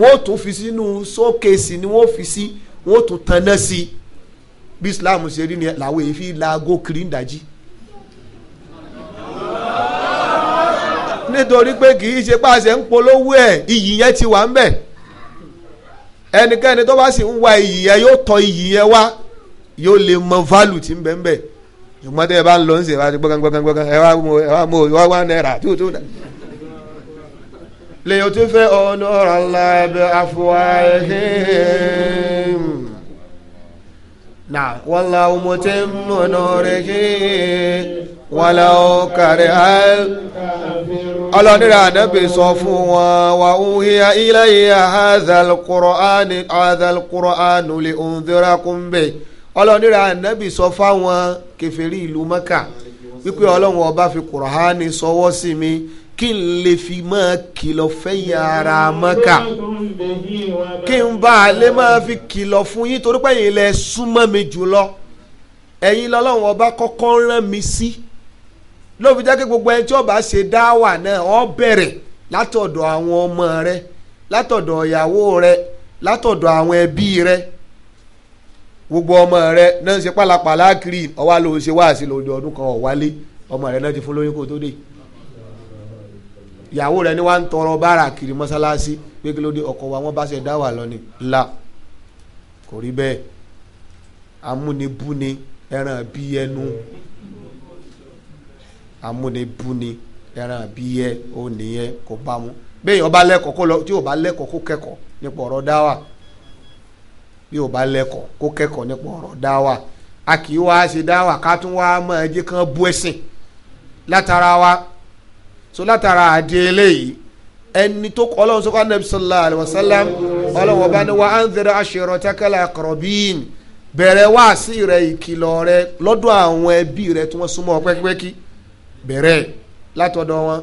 wọ́n tún fi sínú ṣókèsì ni wọ́n fi sí wọ́n tún tanná sí i bí islam ṣe rí ni làwọn èyí fi laago kiri ń dájí. nítorí pé kì í ṣe pàṣẹ ń polówó ẹ̀ iyì yẹn ti wà ń bẹ̀ ẹnikẹ́ni tó bá sì ń wa iyì yẹn yóò tọ iyì yẹn wá yóò lè mọ value tí ń bẹ ń bẹ ṣùgbọ́n tẹ́ ẹ bá ń lọ ń ṣe wá ti gbọ́ngàn gbọ́ngàn gbọ́ngàn ẹ wá mọ ẹ wá mọ wá wá náírà tó tó náà. lèyìn tó fẹ́ ọ̀nà ọ̀rọ̀ aláàbẹ̀ àfọwáyé. نعم والله متم نوره wàláwó kàrí àl. ọlọ́nira ànábì sọ fún wọn wà uhiya ilayya hazal qur'an hazal qur'an li unzirakum bi. ọlọ́nira ànábì sọ fáwọn kèfèrí ìlú mẹ́kà wípé ọlọ́run ọba fi qur'an sọwọ́ sí mi kí n lè fi mọ kìlọ̀ fẹ́yìn ara maka kí n bá lè máa fi kìlọ̀ fún yín torí pé ẹ̀yin súnmọ́ mi jùlọ ẹ̀yin lọ́lọ́run ọba kọ́kọ́ rán mi sí lóbi gbogbo ẹni tí ó bá náà ọ bẹ̀rẹ̀ látọ̀dọ̀ ọmọ rẹ látọ̀dọ̀ ìyàwó rẹ látọ̀dọ̀ àwọn ẹbí rẹ gbogbo ọmọ rẹ náà ṣe kiri ọwá ló ṣe wá sí lòdì ọdún kan ọ̀wálé ọmọ rẹ náà ti fún ìyàwó rẹ ni wàá ń tọrọ bára kiri mọ́sálásí pé kí ló dé ọkọ wa wọ́n bá ṣe dá wà lọ la kò rí bẹ́ẹ̀ amúnibúni ẹran bí ẹnu amúnibúni ẹran bí ẹ ó nìyẹn kò bá mu bẹ́ẹ̀ ọba lẹ́kọ̀ọ́ kó lọ tí ò bá lẹ́kọ̀ọ́ kó kẹ́kọ̀ọ́ nípa ọ̀rọ̀ dáwà bí ò bá lẹ́kọ̀ọ́ kó kẹ́kọ̀ọ́ nípa ọ̀rọ̀ dáwà a kì í wá ṣe dáwà ká tún wá mọ̀ jẹ́ kán bú ẹ̀sìn látara wa so látara àdí eléyìí ẹni tó kọ́ ọlọ́run sọ́kọ́ anabi sallallahu alayhi wa sallam ọlọ́run ọba ni wa anzir ashiratakal aqrabin bẹ̀rẹ̀ wá sí rẹ ìkìlọ̀ rẹ lọ́dọ̀ àwọn ẹbí rẹ tí wọ́n súnmọ́ pẹ́kípẹ́kí bẹ̀rẹ̀ látọ̀dọ̀ wọn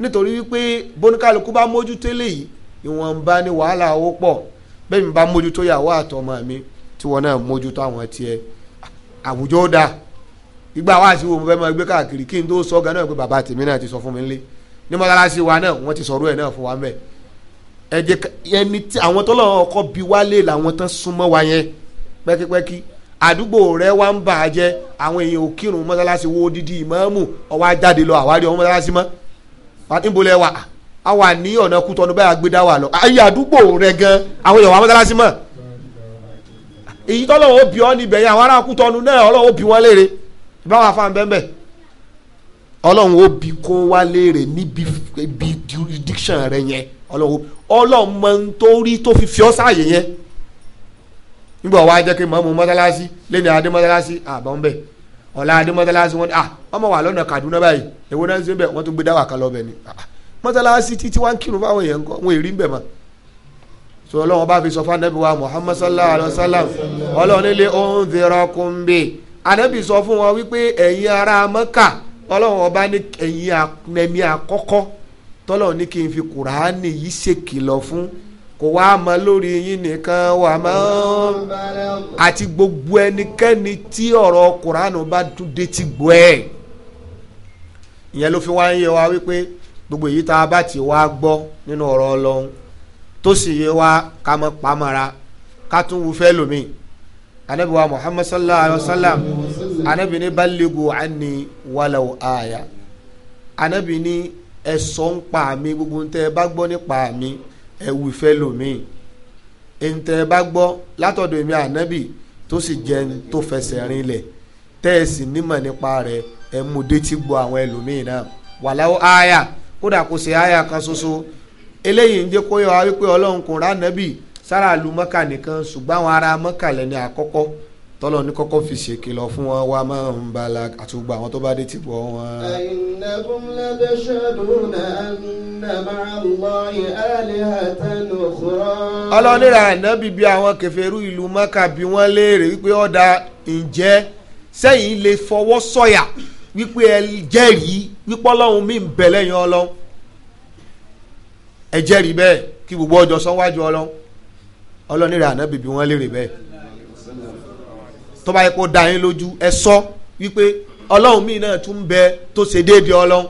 nítorí wípé bóníkàlùkù bá mójútó eléyìí ìwọ̀nba ni wàhálà ó pọ̀ bẹ́ẹ̀ mi bá mójútó yàwó àtọmọ mi tí wọn náà mójútó àwọn tiẹ̀ àwùjọ dáa ìgbà wa sí wo fẹ́ máa gbé káàkiri kí n tó sọ ganan pé bàbá tèmi náà ti sọ fún mi nílé ní mọ́tàlásí wa náà wọ́n ti sọ̀rọ̀ ẹ̀ náà fún wa mẹ́ ẹ jẹ́ ẹni tí àwọn tó lọ́wọ́ ọkọ bí wálé làwọn tán súnmọ́ wa yẹn pẹ́kípẹ́kí àdúgbò rẹ wá ń bà á àwọn èèyàn ò kírun wo jáde lọ àwárí ọmọ mọ́ níbolẹ̀ wa a wà ní ọ̀nà kútọ́nu báyà gbé dá wà lọ ayé rẹ gan àwọn èèyàn wà mọ́ èyí tọ́lọ́wọ́ bí ọ́ níbẹ̀ yẹn àwọn ará kútọ́nu náà ọlọ́wọ́ bí wọ́n léèrè báwa fa bẹ́ẹ̀ ọlọ́run ó bi kó wá léèrè níbi jurisdiction rẹ yẹn ọlọ́run ọlọ́run mọ ń torí tó fi fi ọ́ sáàyè yẹn nígbà wàá jẹ́ kí mọ́mú mọ́tálásí lẹ́nu adé mọ́tálásí àbọ̀n bẹ́ẹ̀ ọ̀la adé mọ́tálásí wọn à ọmọ wà lọ́nà Kaduna báyìí èwo náà ń sẹ́ bẹ́ẹ̀ wọ́n tún gbé dáwà kan lọ́bẹ̀ ni mọ́tálásí títí wá ń kírun fáwọn èèyàn kan wọn èrí ń bẹ̀ mọ́ so ọlọ́run bá fi sọ fún anábìwá Muhammad sallallahu alayhi wa sallam ọlọ́run nílé ó ń zèrọ kún bẹ́ẹ̀ ànábì sọ fún wọn wípé ẹ̀yin ará mọ́kà ọlọ́run ọba ní ẹ̀yin ẹ̀mí àkọ́kọ́ tọ́lọ̀ ní kí n fi kùránì yìí ṣèkìlọ̀ fún kò wá mọ lórí yín nìkan wà mọ́ àti gbogbo ẹnikẹ́ni tí ọ̀rọ̀ kùránì bá tún dé ti gbọ́ ẹ̀ ìyẹn ló fi wá ń yẹ wa wípé gbogbo èyí tá a bá ti wá gbọ́ nínú ọ̀rọ̀ ọlọ́run tó sì yẹ wa ká mọ́ pamọ́ra ká tún wù fẹ́ lómi anabi wa muhammad sallallahu alaihi wa sallam anabi ni baligu ani walawu aya anabi ni ẹ sọ ń pa mi gbogbo ntẹ ẹ bá gbọ́ nípa mi ẹ wí fẹ́ lomi ntẹ ẹ bá gbọ́ látọ̀dọ̀ èmi anabi tó sì jẹ́ tó fẹsẹ̀ rinlẹ̀ tẹ́ ẹ sì nímọ̀ nípa rẹ̀ ẹ mú détí gbọ́ àwọn ẹlòmíì náà walawu aya kódà kò sí aya kan ṣoṣo eléyìí ń jẹ́ kó wípé ọlọ́run kò rá anabi sára lu mọ́kà nìkan ṣùgbọ́n àwọn ará mọ́kà lẹ́ni àkọ́kọ́ tọ́lọ̀ ní kọ́kọ́ fi ṣèkìlọ̀ fún wọn wá máa ń bala àti gbogbo àwọn tó bá dé tìbọ̀ wọn. àyìnbọn lẹ́dẹ̀ṣẹ́dùn ànàmàlọ́yìn àlẹ́hàtàn òkúrọ́. ọlọ́nira ànábì bí àwọn kẹfẹ́rú ìlú mọ́kà bí wọ́n léèrè wípé ọ̀dà ǹjẹ́ sẹ́yìn lè fọwọ́ sọ̀yà wípé ẹ jẹ́rìí wípé ọlọ́run mi ń bẹ̀ lẹ́yìn ọlọ́run ẹ jẹ́rìí bẹ́ẹ̀ kí gbogbo ọjọ́ sanwó ọlọ́nira ànábì bí wọ́n léèrè bẹ́ẹ̀ tó bá yẹ kó da yín lójú ẹ sọ wípé ọlọ́run míì náà tún bẹ tó ṣe déédéé ọlọ́run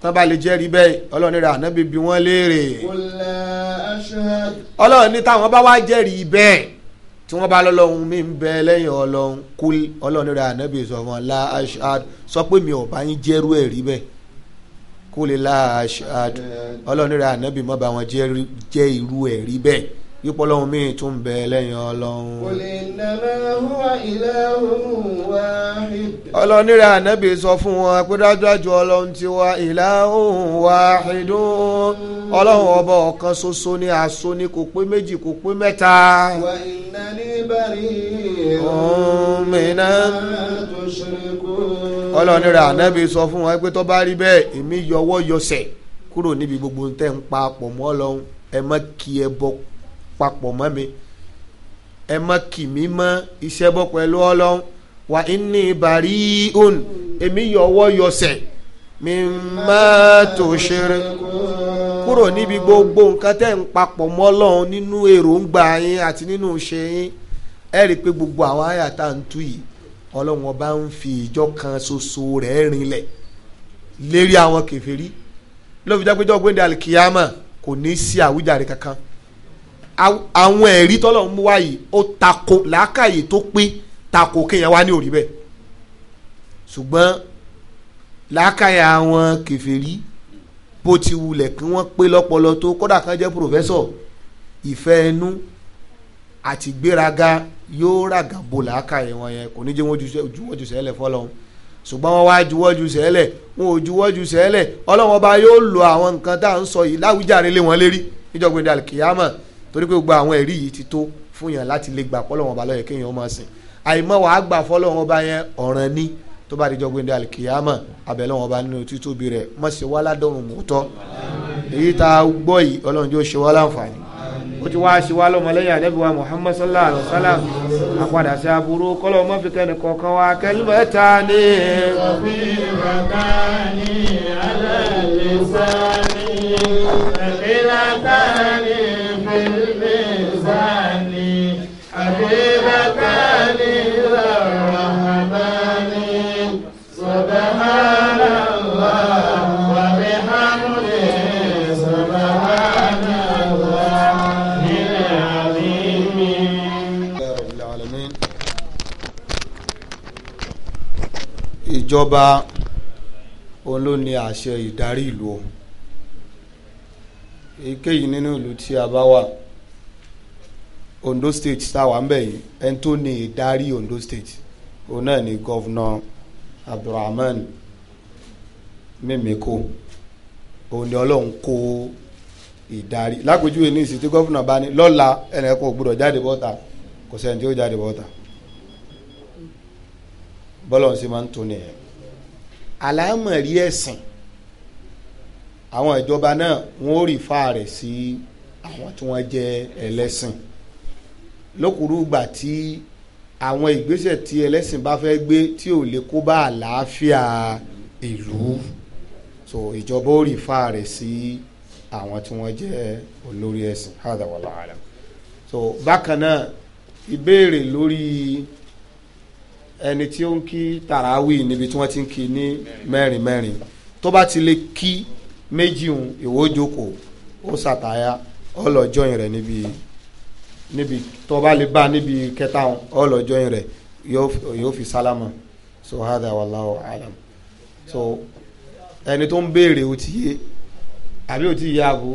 tán bá lè jẹ́rìí bẹ́ẹ̀ ọlọ́run rà ànábì bí wọ́n léèrè ọlọ́run ní táwọn bá wá jẹ́rìí bẹ́ẹ̀ tí wọ́n bá lọ́lọ́run mi ń bẹ lẹ́yìn ọlọ́run kú ọlọ́run rà ànábì sọ wọn la ashad sọ pé mi ò bá yín jẹ́rú ẹ̀ rí bẹ́ẹ̀ kú lè la ashad ọlọ́run rà ànábì mọ́ bá wọn jẹ́ irú ẹ̀ rí bẹ́ẹ̀ yípo lọ́hún míì tún bẹ lẹ́yìn ọlọ́hún. qul ànábì sọ fún wọn pé dájúdájú ọlọ́hún ti wá ilahun wahidun ọlọ́hún ọba ọ̀kan ṣoṣo ni àṣọ ni kò pé méjì kò pé mẹ́ta. wa ànábì sọ fún wọn pé tó bá rí bẹ́ẹ̀ èmi yọwọ́ yọsẹ̀ kúrò níbi gbogbo ntẹ́ ń pa pọ̀ mọ́ ọlọ́hún ẹ má kí ẹ bọ́ papọ̀ mọ́ mi ẹ má kì mí mọ́ iṣẹ́ bọ́ pẹ̀lú ọlọ́run wà ní ìbàrí òun èmi yọwọ́ yọsẹ̀ mi má tó ṣeré kúrò níbi gbogbo nǹkan tẹ́ ń papọ̀ mọ́ ọlọ́run nínú èròǹgbà yín àti nínú ṣe yín ẹ rí i pé gbogbo àwọn àyà tá à ń tú yìí ọlọ́run ọba ń fi ìjọ kan ṣoṣo rẹ̀ rinlẹ̀ lérí àwọn kèfèrí ló fi jápéjọ́ alikiyama kò ní í sí àwíjàre kankan àwọn ẹ̀rí tọ́lọ̀ ń mú wá yìí ó tako làákàyè tó pé tako kéèyàn wá ní òrí bẹ́ẹ̀ ṣùgbọ́n làákàyè àwọn kèfèrí bó ti wulẹ̀ kí wọ́n pé lọ́pọlọ tó kódà kan jẹ́ pòfẹ́sọ̀ ìfẹ́ ẹnu àti gbéraga yóò ràgà bo làákàyè wọn yẹn kò ní jẹ́ wọ́n juwọ́ ju sẹ́lẹ̀ fọlọ́hún ṣùgbọ́n wọ́n wá juwọ́ ju sẹ́lẹ̀ wọn ò juwọ́ ju sẹ́lẹ̀ ọlọ́wọ́n bá yóò lo àwọn nǹkan tá à ń sọ yìí láwùjáre lé wọn lérí níjọ́gbìn dàlkìyàmọ̀ torí pé gbogbo àwọn ẹ̀rí yìí ti tó fún yàn láti lè gbà fọlọ́wọ́n ọba lọ́yẹ̀ kéèyàn máa sìn àìmọ́ wàá gbà fọlọ́wọ́n ọba yẹn ọ̀ràn ni tó bá di jọ gbẹ̀ndẹ̀ alikiyama abẹ́lẹ́wọ̀n ọba nínú títóbi rẹ̀ mọ̀ sí wàhálà dọ̀rùn mọ́tọ́ èyí tá a gbọ́ yìí ọlọ́run yóò ṣe wá láǹfààní ó ti wá ṣe wá lọ́mọlẹ́yìn àdẹ́bíwá muhammad sallallahu alayhi wa sallam àpadà sí aburú kọ́lọ́ mọ́ fi kẹ́ni kọ̀ọ̀kan wá kẹ́límẹ̀ ta ni. kọ̀fí في الميزان حبيبتان إلى الرحمن سبحان الله وبحمده سبحان الله العظيم يا رب العالمين ìjọba òun ló ní àṣẹ ìdarí ìlú ọ̀hún èkéyìí nínú ìlú tí a bá wà Ondo State táwa ń bẹ̀ yìí ẹni tó ní ìdarí Ondo State òun náà ni gọ́vnà Abdulrahman Mímíkò òun ni Ọlọ́run kó ìdarí lápèjúwe ní ìsìn tí gọ́vnà bá ní lọ́la ẹnìkan kò gbọdọ̀ jáde bọ́ta kò sẹ́ni tí ó jáde bọ́ta bọ́lọ̀ ń ṣe máa ń tó nìyẹn àlámọ̀rí ẹ̀sìn àwọn ìjọba náà wọn ò rí fa rẹ̀ sí àwọn tí wọ́n jẹ́ ẹlẹ́sìn lókùrú gbà tí àwọn ìgbésẹ̀ tí ẹlẹ́sìn bá fẹ́ gbé tí ò lè kó bá àlàáfíà ìlú so ìjọba ò rí fa rẹ̀ sí àwọn tí wọ́n jẹ́ olórí ẹ̀sìn so bákan náà ìbéèrè lórí ẹni tí ó ń kí tàràwì níbi tí wọ́n ti ń kí ní mẹ́rin mẹ́rin tó bá ti lè kí méjì ń ìwọ jókòó ó ṣàtàyà ọlọ́jọ́ yìí rẹ̀ níbi níbi tọ́ba lè bá níbi kẹta ọlọ́jọ́ yìí rẹ̀ yóò fi sálámà so hada wallahu alam so ẹni tó ń béèrè ó ti yé àbí ó ti yé àbú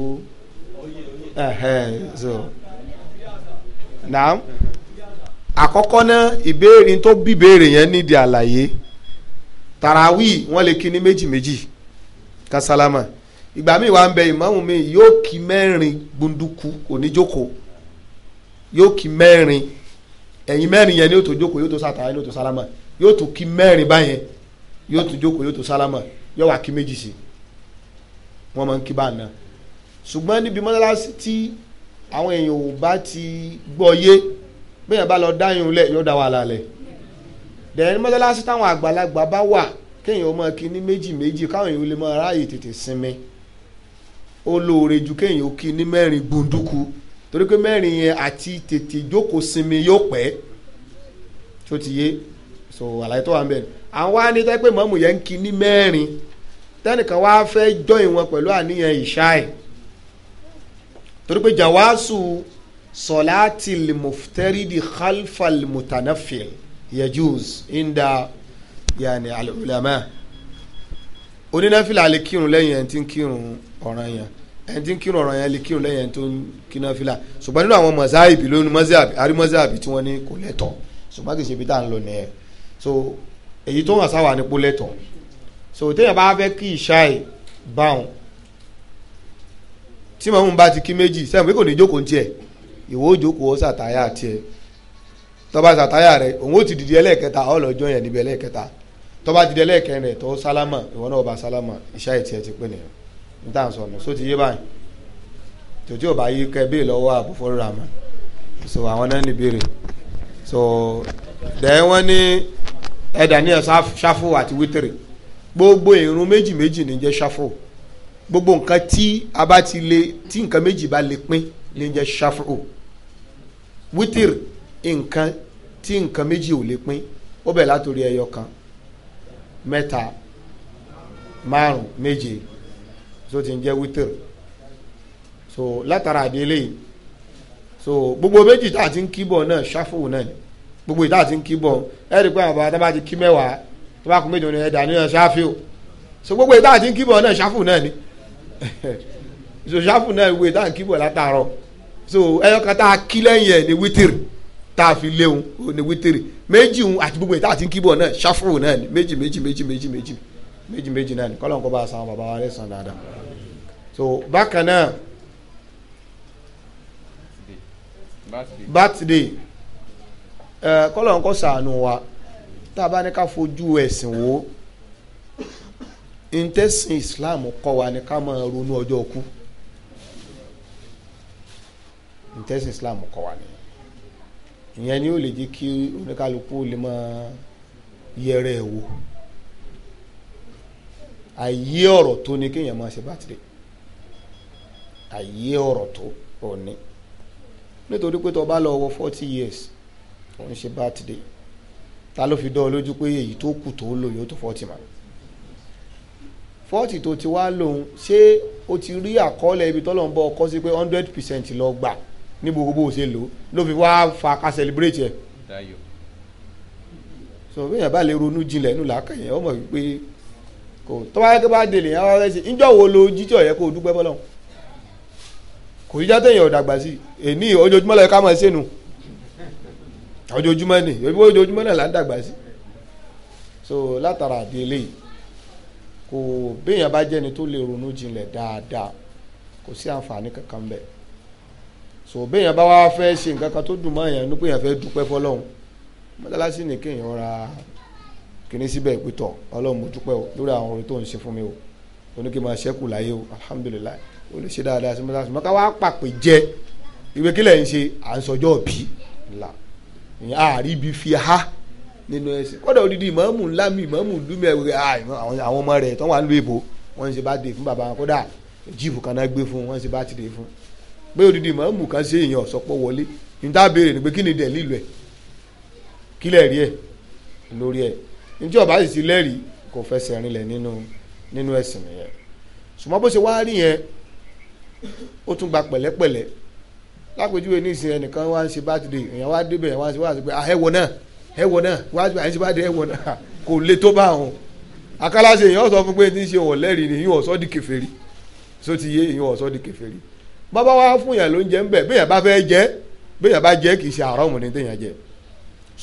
so naam àkọ́kọ́ náà ìbéèrè tó bíbéèrè yẹn nídìí àlàyé tarawih wọ́n lè kí ní méjì méjì kásálámà ìgbà míì wà ń bẹ ìmáàmù mi yóò kí mẹ́rin gbunduku oníjókòó yóò kí mẹ́rin ẹ̀yìn mẹ́rin yẹn ni yóò joko jókòó yóò tó sàtàyà yóò tó sálámà yóò tó kí mẹ́rin báyẹn yóò tó jókòó yóò tó sálámà yóò wá kí méjì sí wọ́n máa ń kí bá àná ṣùgbọ́n níbi mọ́sálásí tí àwọn èèyàn ò bá ti gbọ́ yé bẹ́ẹ̀ bá lọ dáyùn lẹ̀ yóò dá wàhálà lẹ̀ dẹ̀rẹ́ mọ́sálásí táwọn àgbàlagbà bá wà kéèyàn ó máa kí ní méjì méjì káwọn èèyàn ó lè máa ráàyè tètè sinmi ó lóore ju kéèyàn ó kí ní mẹ́rin gbunduku torí pé mẹ́rin yẹn àti tètè jókòó sinmi yóò pẹ́ tó ti yé so àlàyé tó wà ń bẹ̀ àwọn á ní tẹ́ pé mọ́mù yẹn ń kí ní mẹ́rin tẹ́nìkan wá fẹ́ jọ ìwọ̀n pẹ̀lú àníyàn ìṣáì torí pé jawaasu sọláàtì lèmọ̀fútẹ́rìdì khalfa lèmọ̀tànáfìl yajuz inda yàní al-ulama onínáfìlà lè kírun lẹ́yìn ẹni tí ń kírun ọ̀ràn yẹn ẹni tí ń kírun ọ̀ràn yẹn lè kírun lẹ́yìn ẹni tó ń kínáfìlà ṣùgbọ́n nínú àwọn mọ̀sáàbì lónìí mọ̀sáàbì arímọ̀sáàbì tí wọ́n ní kò lẹ́tọ̀ ṣùgbọ́n kì ṣe bí tá à ń lọ nìyẹn so èyí tó hàn sáwà ní kò lẹ́tọ̀ so téèyàn bá fẹ́ kí ìṣáì báwọn tí màmú bá ti kí méjì sẹ́yìn pé kò ní jókòó tiẹ̀ ìwọ òjókòó tó bá dìde lẹ́ẹ̀kẹrin rẹ̀ tó sálámà ìwọ náà bá sálámà iṣẹ́ ìtì ẹ̀ ti pé nìyẹn ní tá à ń sọ ọ̀nà sóti yé báyìí tòtí ò bá kẹ bí lọ́wọ́ àbúfóró rà so àwọn náà ní béèrè so dẹ̀ wọ́n ní ẹ̀dà ní ẹ̀sán ṣáfù àti wítìrì gbogbo ìrun méjì méjì ní jẹ́ ṣáfù gbogbo nǹkan tí a bá ti lè tí nǹkan méjì bá lè pín ní jẹ́ ṣáfù wítìrì nǹkan tí nǹkan méjì ò lè pín ó bẹ̀ látòrí ẹyọ kan mẹ́ta márùn méje so ti ń jẹ́ wítìr so látara àdélé so gbogbo méjì tá a ti ń kíbọ̀ náà ṣáfù náà gbogbo ìta àti ń kíbọ̀ ẹ rí i pé àwọn bàbá tá ti kí mẹ́wàá tó bá méjì ní ẹ̀dá nínú ṣáfù o so gbogbo ìta àti ń kíbọ̀ náà ṣáfù náà ni so ṣáfù náà gbogbo ìta àti ń kíbọ̀ látàárọ̀ so ẹyọ kan tá a kí lẹ́yìn ẹ̀ ní wítìrì tá a fi léwu ó ní wítìrì méjì òun àti gbogbo ìta àti kíbọ̀ náà ṣáfùrù náà ni méjì méjì méjì méjì méjì méjì méjì náà ni kọ́lọ́n kó bá a san bàbá wa lẹ́sàn dáadáa so bákan náà birthday kọ́lọ́n kó ṣàánú wa tá a bá ní ká fojú ẹ̀sìn wò ó Islam kọ́ wa ni ká máa ronú ọjọ́ kú intẹ́sìn Islam kọ́ wa ni ìyẹn ni ó lè jẹ́ kí oníkálukú lè máa yẹrẹ ẹ̀ wò àyé ọ̀rọ̀ tó ní kéèyàn máa ṣe bátìrì àyé ọ̀rọ̀ tó ò ní nítorí pé tó lọ wọ forty years ò ń ṣe bátìrì ta ló fi dán lójú pé èyí tó kù tó lò yóò tó forty mà forty tó ti wá lòun ṣé o ti rí àkọọ́lẹ̀ ibi tọ́lọ́ ń bọ́ ọkọ sí pé hundred percent lọ gbà ní gbogbo bó o ṣe lò ló fi wá fa ká celebrate yẹ. so bẹ́ẹ̀ bá lè ronú jinlẹ̀ nù làákàyè ọmọ wípé kò tọ́wá yẹ kó bá délé yẹn wá fẹ́ ṣe níjọ́ wo lo jíjọ́ yẹ kó o dúpẹ́ bọ́lọ́hún kò yíjá téèyàn ọ̀dàgbà sí èní ojoojúmọ́ lọ́ọ́ ká máa ṣe nu ojoojúmọ́ ni ebi ojoojúmọ́ náà là ń dàgbà sí so látara àdé eléyìí kò béèyàn bá jẹ́ni tó lè ronú jinlẹ̀ dáadáa kò sí àǹfààní kankan bẹ́ẹ̀ so béèyàn bá wá fẹ́ ṣe nǹkan kan tó dùn mọ́ èèyàn ní pé èèyàn fẹ́ dúpẹ́ fọlọ́run mọ́tàlásì ní kéèyàn ra kíní síbẹ̀ ìpìtọ̀ ọlọ́run mo dúpẹ́ o lórí àwọn orin tó ń ṣe fún mi o oníkè máa ṣẹ́kù láyé o alhamdulilayi o lè ṣe dáadáa sí mọ́tàlásì mọ́ká wá pàpè jẹ ìwé kílẹ̀ ń ṣe à ń sọjọ́ bí ńlá ìyẹn àárí ibi fi ha nínú ẹsẹ̀ kọ́dà odidi ìmọ̀ọ́mù ńlá mi ìmọ̀ọ́mù dúmẹ̀ àwọn ọmọ rẹ̀ tó wà ń lo ìbò wọ́n ń ṣe bá dé fún bàbá wọn kọ́dà jíìpù pé odidi màmú kan ṣe èèyàn ọ̀sọ́pọ̀ wọlé níta béèrè ni pé kí ni dẹ̀ lílu ẹ̀ kí ẹ̀ ọba sì ti lẹ́rìí kò fẹsẹ̀ rinlẹ̀ nínú nínú ẹ̀sìn nìyẹn ṣùgbọ́n bó ṣe wá rí yẹn ó tún gba pẹ̀lẹ́pẹ̀lẹ́ lápèjúwe ní ìsìn ẹnìkan wá ń ṣe bátìdè èèyàn wá débẹ̀ wá ń ṣe wá ṣe pé ẹwọ náà ẹwọ náà wá ṣe ni èèyàn di ti yé bàbá wa fún yàn ló ń jẹ ń béèyàn bá fẹ́ jẹ béèyàn bá jẹ kì í ṣe àrọ́mù téèyàn jẹ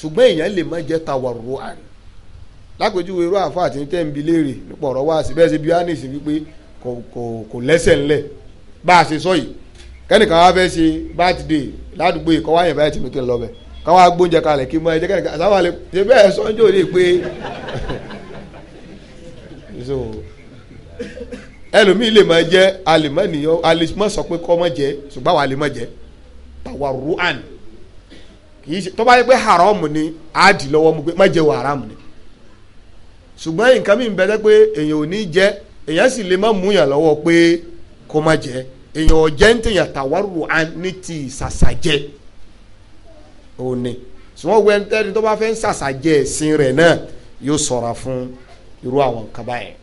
ṣùgbọ́n èèyàn lè má jẹ àrùn lápèjúwe irú àfa àti tẹ́ ń bi léèrè nípa ọ̀rọ̀ wá sí bẹ́ẹ̀ ánìsì wípé kò kò kò lẹ́sẹ̀ ńlẹ̀ bá a ṣe sọ yìí kẹ́nìkan wá fẹ́ ṣe bátidé ládùúgbò yìí kọ́ kí n lọ bẹ̀ káwá gbóúnjẹ kalẹ̀ kí n ẹlòmíì lè máa jẹ alèmọ́nìyàn alèmọ́ sọ pé kọ́ mọ́ jẹ ṣùgbọ́n àwọn alèmọ́ jẹ tawaruan kì í ṣe tó bá yẹ pé haramu ni àádì lọ́wọ́ mu pé má jẹ́ wọ haramu ni ṣùgbọ́n nǹkan mi ń bẹ pé èèyàn ò ní jẹ èèyàn sì lè má mú yàn lọ́wọ́ pé kó má jẹ èèyàn ò jẹ́ ń tèèyàn tawaruan ní ti ìsàsàjẹ òní ṣùgbọ́n wẹ́ntẹ́ni tó fẹ́ ń sàsàjẹ ẹ̀sìn rẹ̀ náà yóò ṣọ́ra fún irú àwọn nǹkan báyẹn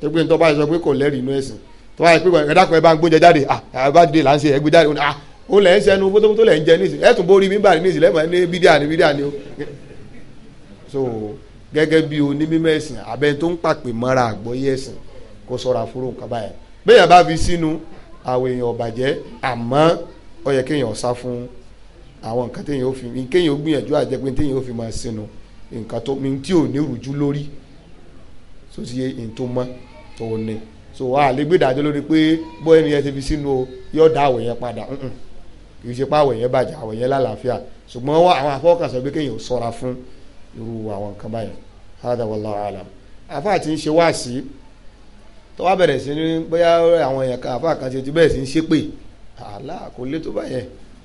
tó pé nítorí bá sọ pé kò lẹ́rìí inú ẹ̀sìn tó bá yẹ pé ẹ̀dá kan ẹ bá ń gbóúnjẹ jáde ah bá dìde là ń ṣe ẹgbẹ́ jáde ah ó lẹ́ ń sẹ́nu fótófótó lẹ́ ń jẹ nísìn ẹ̀ tún borí mímbà nísìn lẹ́mọ̀ ní bídíà ní bídíà ni ó so gẹ́gẹ́ bí onímọ̀ ẹ̀sìn abẹ́ tó ń pàpè mọ́ra àgbọ́yé ẹ̀sìn kó sọ̀rọ̀ àfúrò nǹkan báyẹn bẹ́ẹ̀ bá fi sínú àwọn èèyàn ọ̀bàjẹ́ àmọ́ ó yẹ kéèyàn sá fún àwọn nǹkan téèyàn ó tó ti yé ìyìn tó mọ́ òun ni so a lè gbé ìdájọ́ lórí pé bóyá ẹni yẹn ti fi sínú yóò dá àwẹ̀ yẹn padà kì í ṣe pé àwẹ̀ yẹn bàjẹ́ àwẹ̀ yẹn lálàáfíà ṣùgbọ́n àwọn afọ́kànsọ pé kéèyàn sọ́ra fún irú àwọn nǹkan báyẹn hada wallahu alam àfáà ti ń ṣe wáàsí tó wá bẹ̀rẹ̀ sí ní bóyá àwọn èèyàn kan àfáà kan ṣe ti bẹ̀rẹ̀ sí ń ṣépè àlá kò lè tó báyẹn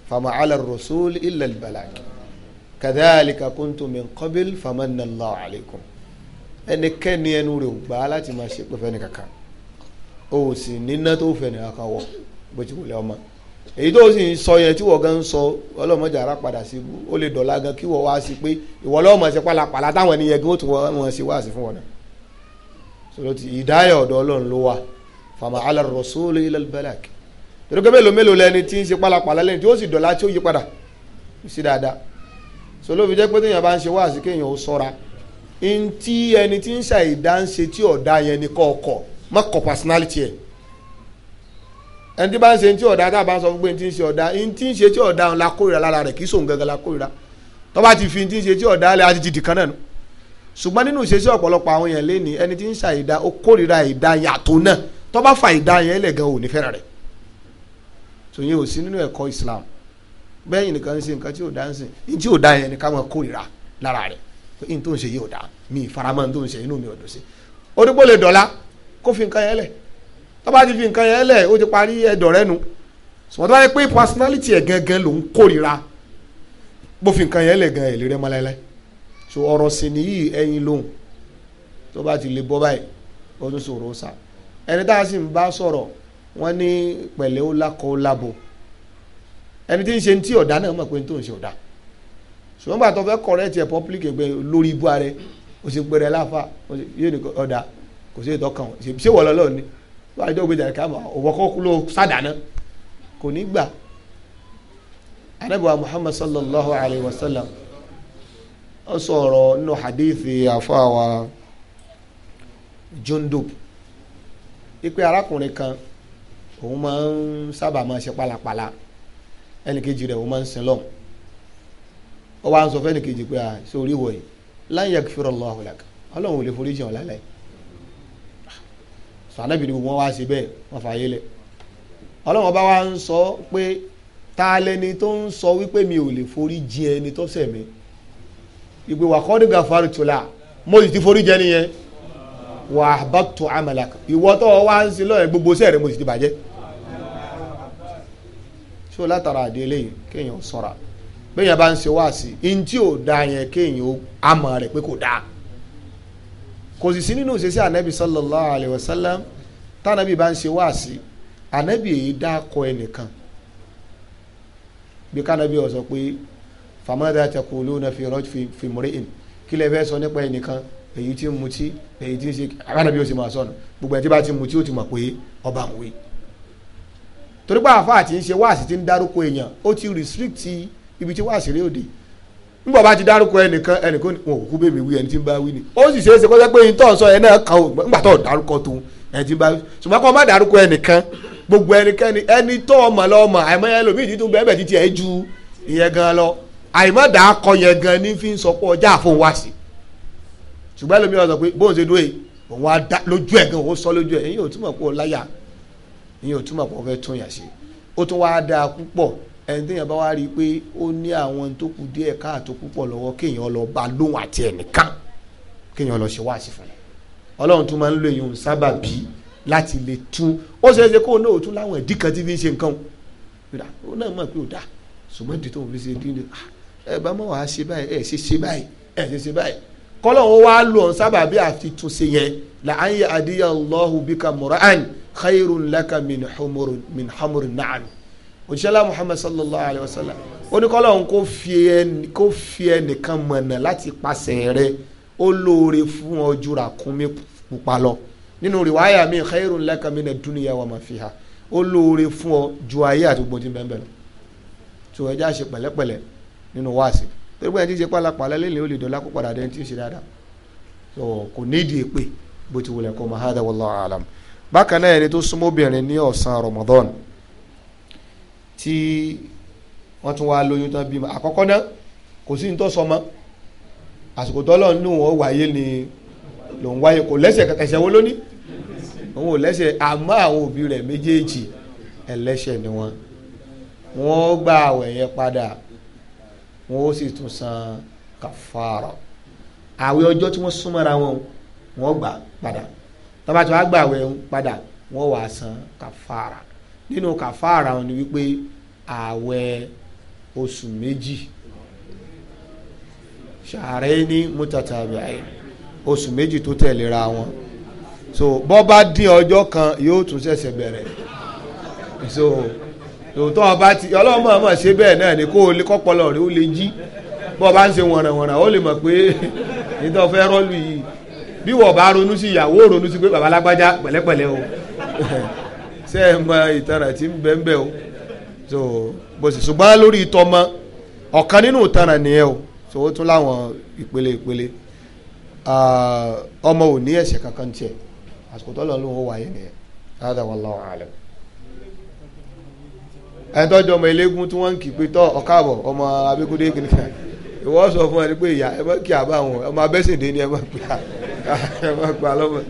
fama ala rasul illa al balag kadhalika min qabil famanna Allahu alaykum ẹnikẹ́ni ẹnu rẹ̀ ò gbà á láti máa ṣe pẹ̀fẹ́ nìkankan o ò sì níná tó fẹ́ nìkankan wọ̀ bó ti wùlẹ̀ ọmọ èyí tó sì ń sọ yẹn tí wọ́n gan ń sọ ọlọ́mọdé ara padà sí ibú ó lè dọ̀la gan kí wọ́n wá sí pé ìwọ lọ́mọ ṣe pálapàla táwọn ènìyàn gan ó tún wọ́n ṣe wá sí fún wọn sọlọ ti ìdáyà ọ̀dọ̀ ọlọ́run ló wà fama ala rasuli ilal balak torí pé mélòó mélòó lẹni tí ń ṣe pálapàla lẹni tí ó sì dọ̀la tí ó yí padà sí dáadáa sọlọ fi jẹ́ pé téèyàn bá ń ṣe wá sí kéèyàn ó sọ́ra ntí ẹni tí ń ṣàìdá ń ṣe tí ọ̀dà yẹn ni kọ́ ọkọ̀ má kọ́ personality ẹ̀ ẹni tí bá ń ṣe tí ọ̀dà tá a bá ń sọ fún pé ntí ń ṣe ọ̀dà ntí ń ṣe tí ọ̀dà la kórìíra lára rẹ̀ kì í sòun gangan la kórìíra tó bá ti fi ntí ń ṣe tí ọ̀dà lẹ́ àti jìdì kan náà nù ṣùgbọ́n nínú ìṣesí ọ̀pọ̀lọpọ̀ àwọn yẹn léni ẹni tí ń ṣàìdá ó kórìíra ìdá yàtọ̀ náà tó bá fa ìdá yẹn lẹ̀ gan ò ní fẹ́ràn rẹ̀ tòun ò sí nínú ẹ̀kọ́ Islam bẹ́ẹ̀ yìí nìkan ń ṣe nǹkan tí ò dá ń sìn ní tí ò dá yẹn ni ká máa lára rẹ̀ pé n tó ń ṣe yìí ò dáa mi ìfaramọ́ n tó ń ṣe inú mi ò dùn sí ó dúpọ̀ lè dọ̀la kó fi nǹkan yẹn lẹ̀ tó bá ti fi nǹkan yẹn lẹ̀ ó ti parí ẹ̀dọ̀ rẹ nu sọ̀rọ̀ tó bá yẹ pé personality ẹ̀ gangan lòún kórìíra bó fi nǹkan yẹn lẹ̀ gan èlé rẹ mọ́ láéláé so ọ̀rọ̀ sì nìyí ẹyin lóhùn tó bá ti lè bọ́ báyìí ó tún sọ̀rọ̀ sá ẹni tá a sì ń bá sọ̀rọ̀ wọ́n ní pẹ̀lẹ́ ó lákọ̀ọ́ lábo ṣùgbọ́n gbà tó fẹ́ correct ẹ̀ public ẹgbẹ́ lórí ibú ààrẹ o sì pèrè láfa yóò ní ọ̀dà kò sí ìtọ́kàn ṣé wọ́n lọ́lọ́ ni wọ́n á jọ gbé jàre káàmù òwòkọ́ ló sàdáná kò ní gbà anabiwa muhammad sallallahu alayhi wa sallam ó sọ̀rọ̀ nínú hadithi àfọwà jundub ipe arákùnrin kan òun máa ń sábà máa ṣe pálapàla ẹnì kejì rẹ̀ òun máa ń sin lọ́hùn ó wá ń sọ fẹ́ni kejì pé ah sórí wọ̀ yìí lan yakfir Allahu laka ọlọ́run ò lè forí jìn ọ́ lálẹ́ sànàbì ni wọ́n wá sí bẹ́ẹ̀ wọ́n fà yé lẹ̀ ọlọ́run bá wá ń sọ pé ta lẹni tó ń sọ wípé mi ò lè forí jìn ẹni tó ṣẹ̀ mi ìpè wà kọ́ dìgbà fari tùlà mo sì ti forí jẹ nìyẹn wà bá tu amalak ìwọ tó wá ń sin lọ́yẹ̀ gbogbo sẹ́ẹ̀rẹ̀ mo sì ti bàjẹ́ so látara àdéhùn eléyìí kéèyàn sọ̀ra. bẹ́ẹ̀ bá ń ṣe wá sí i ntí ò da yẹn kéèyàn ó àmọ̀ rẹ̀ pé kò dáa kò sì sí nínú ìṣesí ànábì sallallahu alayhi wa sallam tànábì bá ń ṣe wá sí i ànábì èyí dákọ ẹnìkan bí kánábì ó sọ pé famada taquluna fi raj fi fi muri'in kí lè fẹ́ sọ nípa ẹnìkan èyí tí ń mutí èyí tí ń ṣe àbánábì ó sì máa sọnù gbogbo ẹ̀ tí bá ti mutí ó ti mọ̀ pé ọba ń wí torí pé àfa ń ṣe wá sí ti ń dárúkọ èèyàn ó ti restrict ibi tí wàásì rí òde ngbọ̀ bá ti dárúkọ ẹnìkan ẹnìkan wọn kò kú bèbè wí ẹni tí ń bá wí ni ó sì ṣeé ṣe kó jẹ́ pé yín tó ń sọ ẹ náà kàn ó tó dárúkọ tó ẹni tí ń bá wí ṣùgbọ́n kó má dárúkọ ẹnìkan gbogbo ẹnikẹ́ni ẹni tó ọmọ lọ́mọ àìmọ́ ẹlòmíì bẹ́ẹ̀ títí ju ìyẹn gan lọ àìmọ́ yẹn gan ní fi ń sọ pé ọjà sí ṣùgbọ́n pé bóun ṣe òun dá lójú ẹ̀ gan sọ lójú ẹ̀ ẹni téèyàn bá wá rí i pé ó ní àwọn tó kù díẹ̀ káàtó púpọ̀ lọ́wọ́ kéèyàn lọ bá lóhùn àti ẹnìkan kéèyàn lọ ṣe wáàsí fún un ọlọ́run tún máa ń lo èyàn sábà bí láti lè tún ó ṣe é ṣe kó náà tún láwọn ìdí kan tí fi ń ṣe nǹkan ó náà mọ̀ pé ò dáa ṣùgbọ́n ìdí tó ń fi ṣe dín ní ah, ẹ bá mọ̀ wàá ṣe báyìí ẹ ṣe ṣe báyìí ẹ ṣe ṣe báyìí kọ́lọ́run wá lo ọ̀n sábà bí àfitúnṣe yẹn là á ń yẹ adiyallahu bika mura'an khayrun laka min humur min humur na'am òṣìṣẹ́lá muhammed sallallahu alayhi wa sallam ó ní kọ́lọ́ òun kó fi ẹnìkan mọ̀nà láti pàṣẹ rẹ̀ ó lóore fún ọ ju ràkúnmí pupa lọ nínú rìwáyà mi khairun laka mina dunya wa ma fiha ó lóore fún ọ ju ayé àti gbòdì bẹ́ẹ̀ lọ tó ẹjẹ́ àṣe pẹ̀lẹ́pẹ̀lẹ́ nínú wáàsí torí pé ẹni tí ń ṣe pálapàla lélẹ̀ ó lè dọ̀lá kó padà dé ẹni tí ń ṣe dáadáa so kò nídìí èpè bó ti wulẹ̀ kó ma hada wallahu alam bákan náà ẹni tó súnmọ́ obìnrin ní ọ̀sán Ramadan tí wọ́n tún wá lóyún tán bímọ àkọ́kọ́ náà kò sí ní tó sọmọ àsìkò tọ́lọ̀ nínú wọn wáyé ni lòun wáyé kò lẹ́sẹ̀ kẹsẹ̀ wo lóní òun ò lẹ́sẹ̀ àmọ́ àwọn òbí rẹ̀ méjèèjì ẹlẹ́ṣẹ̀ ni wọ́n wọ́n gba àwẹ̀ yẹn padà wọ́n ó sì tún san kàfàrà àwẹ̀ ọjọ́ tí wọ́n súnmọ́ra wọn wọ́n gbà padà tọ́ba tí wọ́n gbà àwẹ̀ padà wọ́n wàá san kàfàrà nínú kàfàrà wọn ni wípé ààwẹ̀ oṣù méjì ṣàárẹ́ni mutatabi'ain oṣù méjì tó tẹ̀léra wọn so bọ́ bá dín ọjọ́ kan yóò tún ṣẹ̀ṣẹ̀ bẹ̀rẹ̀ so tòótọ́ ọba ti ọlọ́mọ ọmọ ṣe bẹ́ẹ̀ náà ni kó o lè kọ́pọlọ rẹ ó lè jí bọ́ ọba ń ṣe wọ̀nrànwọ̀nràn ó lè mọ̀ pé nítorí fẹ́ rọ́ọ̀lù yìí bí wọ́n bá ronú sí ìyàwó ronú sí pé bàbá pẹ̀lẹ́pẹ̀lẹ́ o ṣe é mọ ìtanà tí ń o so bó sì ṣùgbọ́n lórí ìtọ́mọ ọ̀kan nínú ìtanà nìyẹn o so ó tún láwọn ìpele ìpele ọmọ ò ní ẹ̀ṣẹ̀ kankan tiẹ̀ àsìkò tó lọ lóun ó wáyé nìyẹn ṣáàdà wallahu ọmọ eléégún tí wọ́n ń kì í pé tọ́ ọmọ fún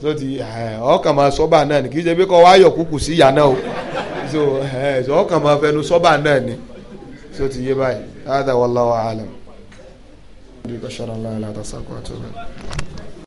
so ti eh, ọkàn máa sọ́bà náà ni kì í ṣe bí kọ́ wáyọ̀ kúkú sí ìyá náà o so eh, so ọkàn máa fẹnu sọ́bà náà ni so ti yé báyìí hada wallahu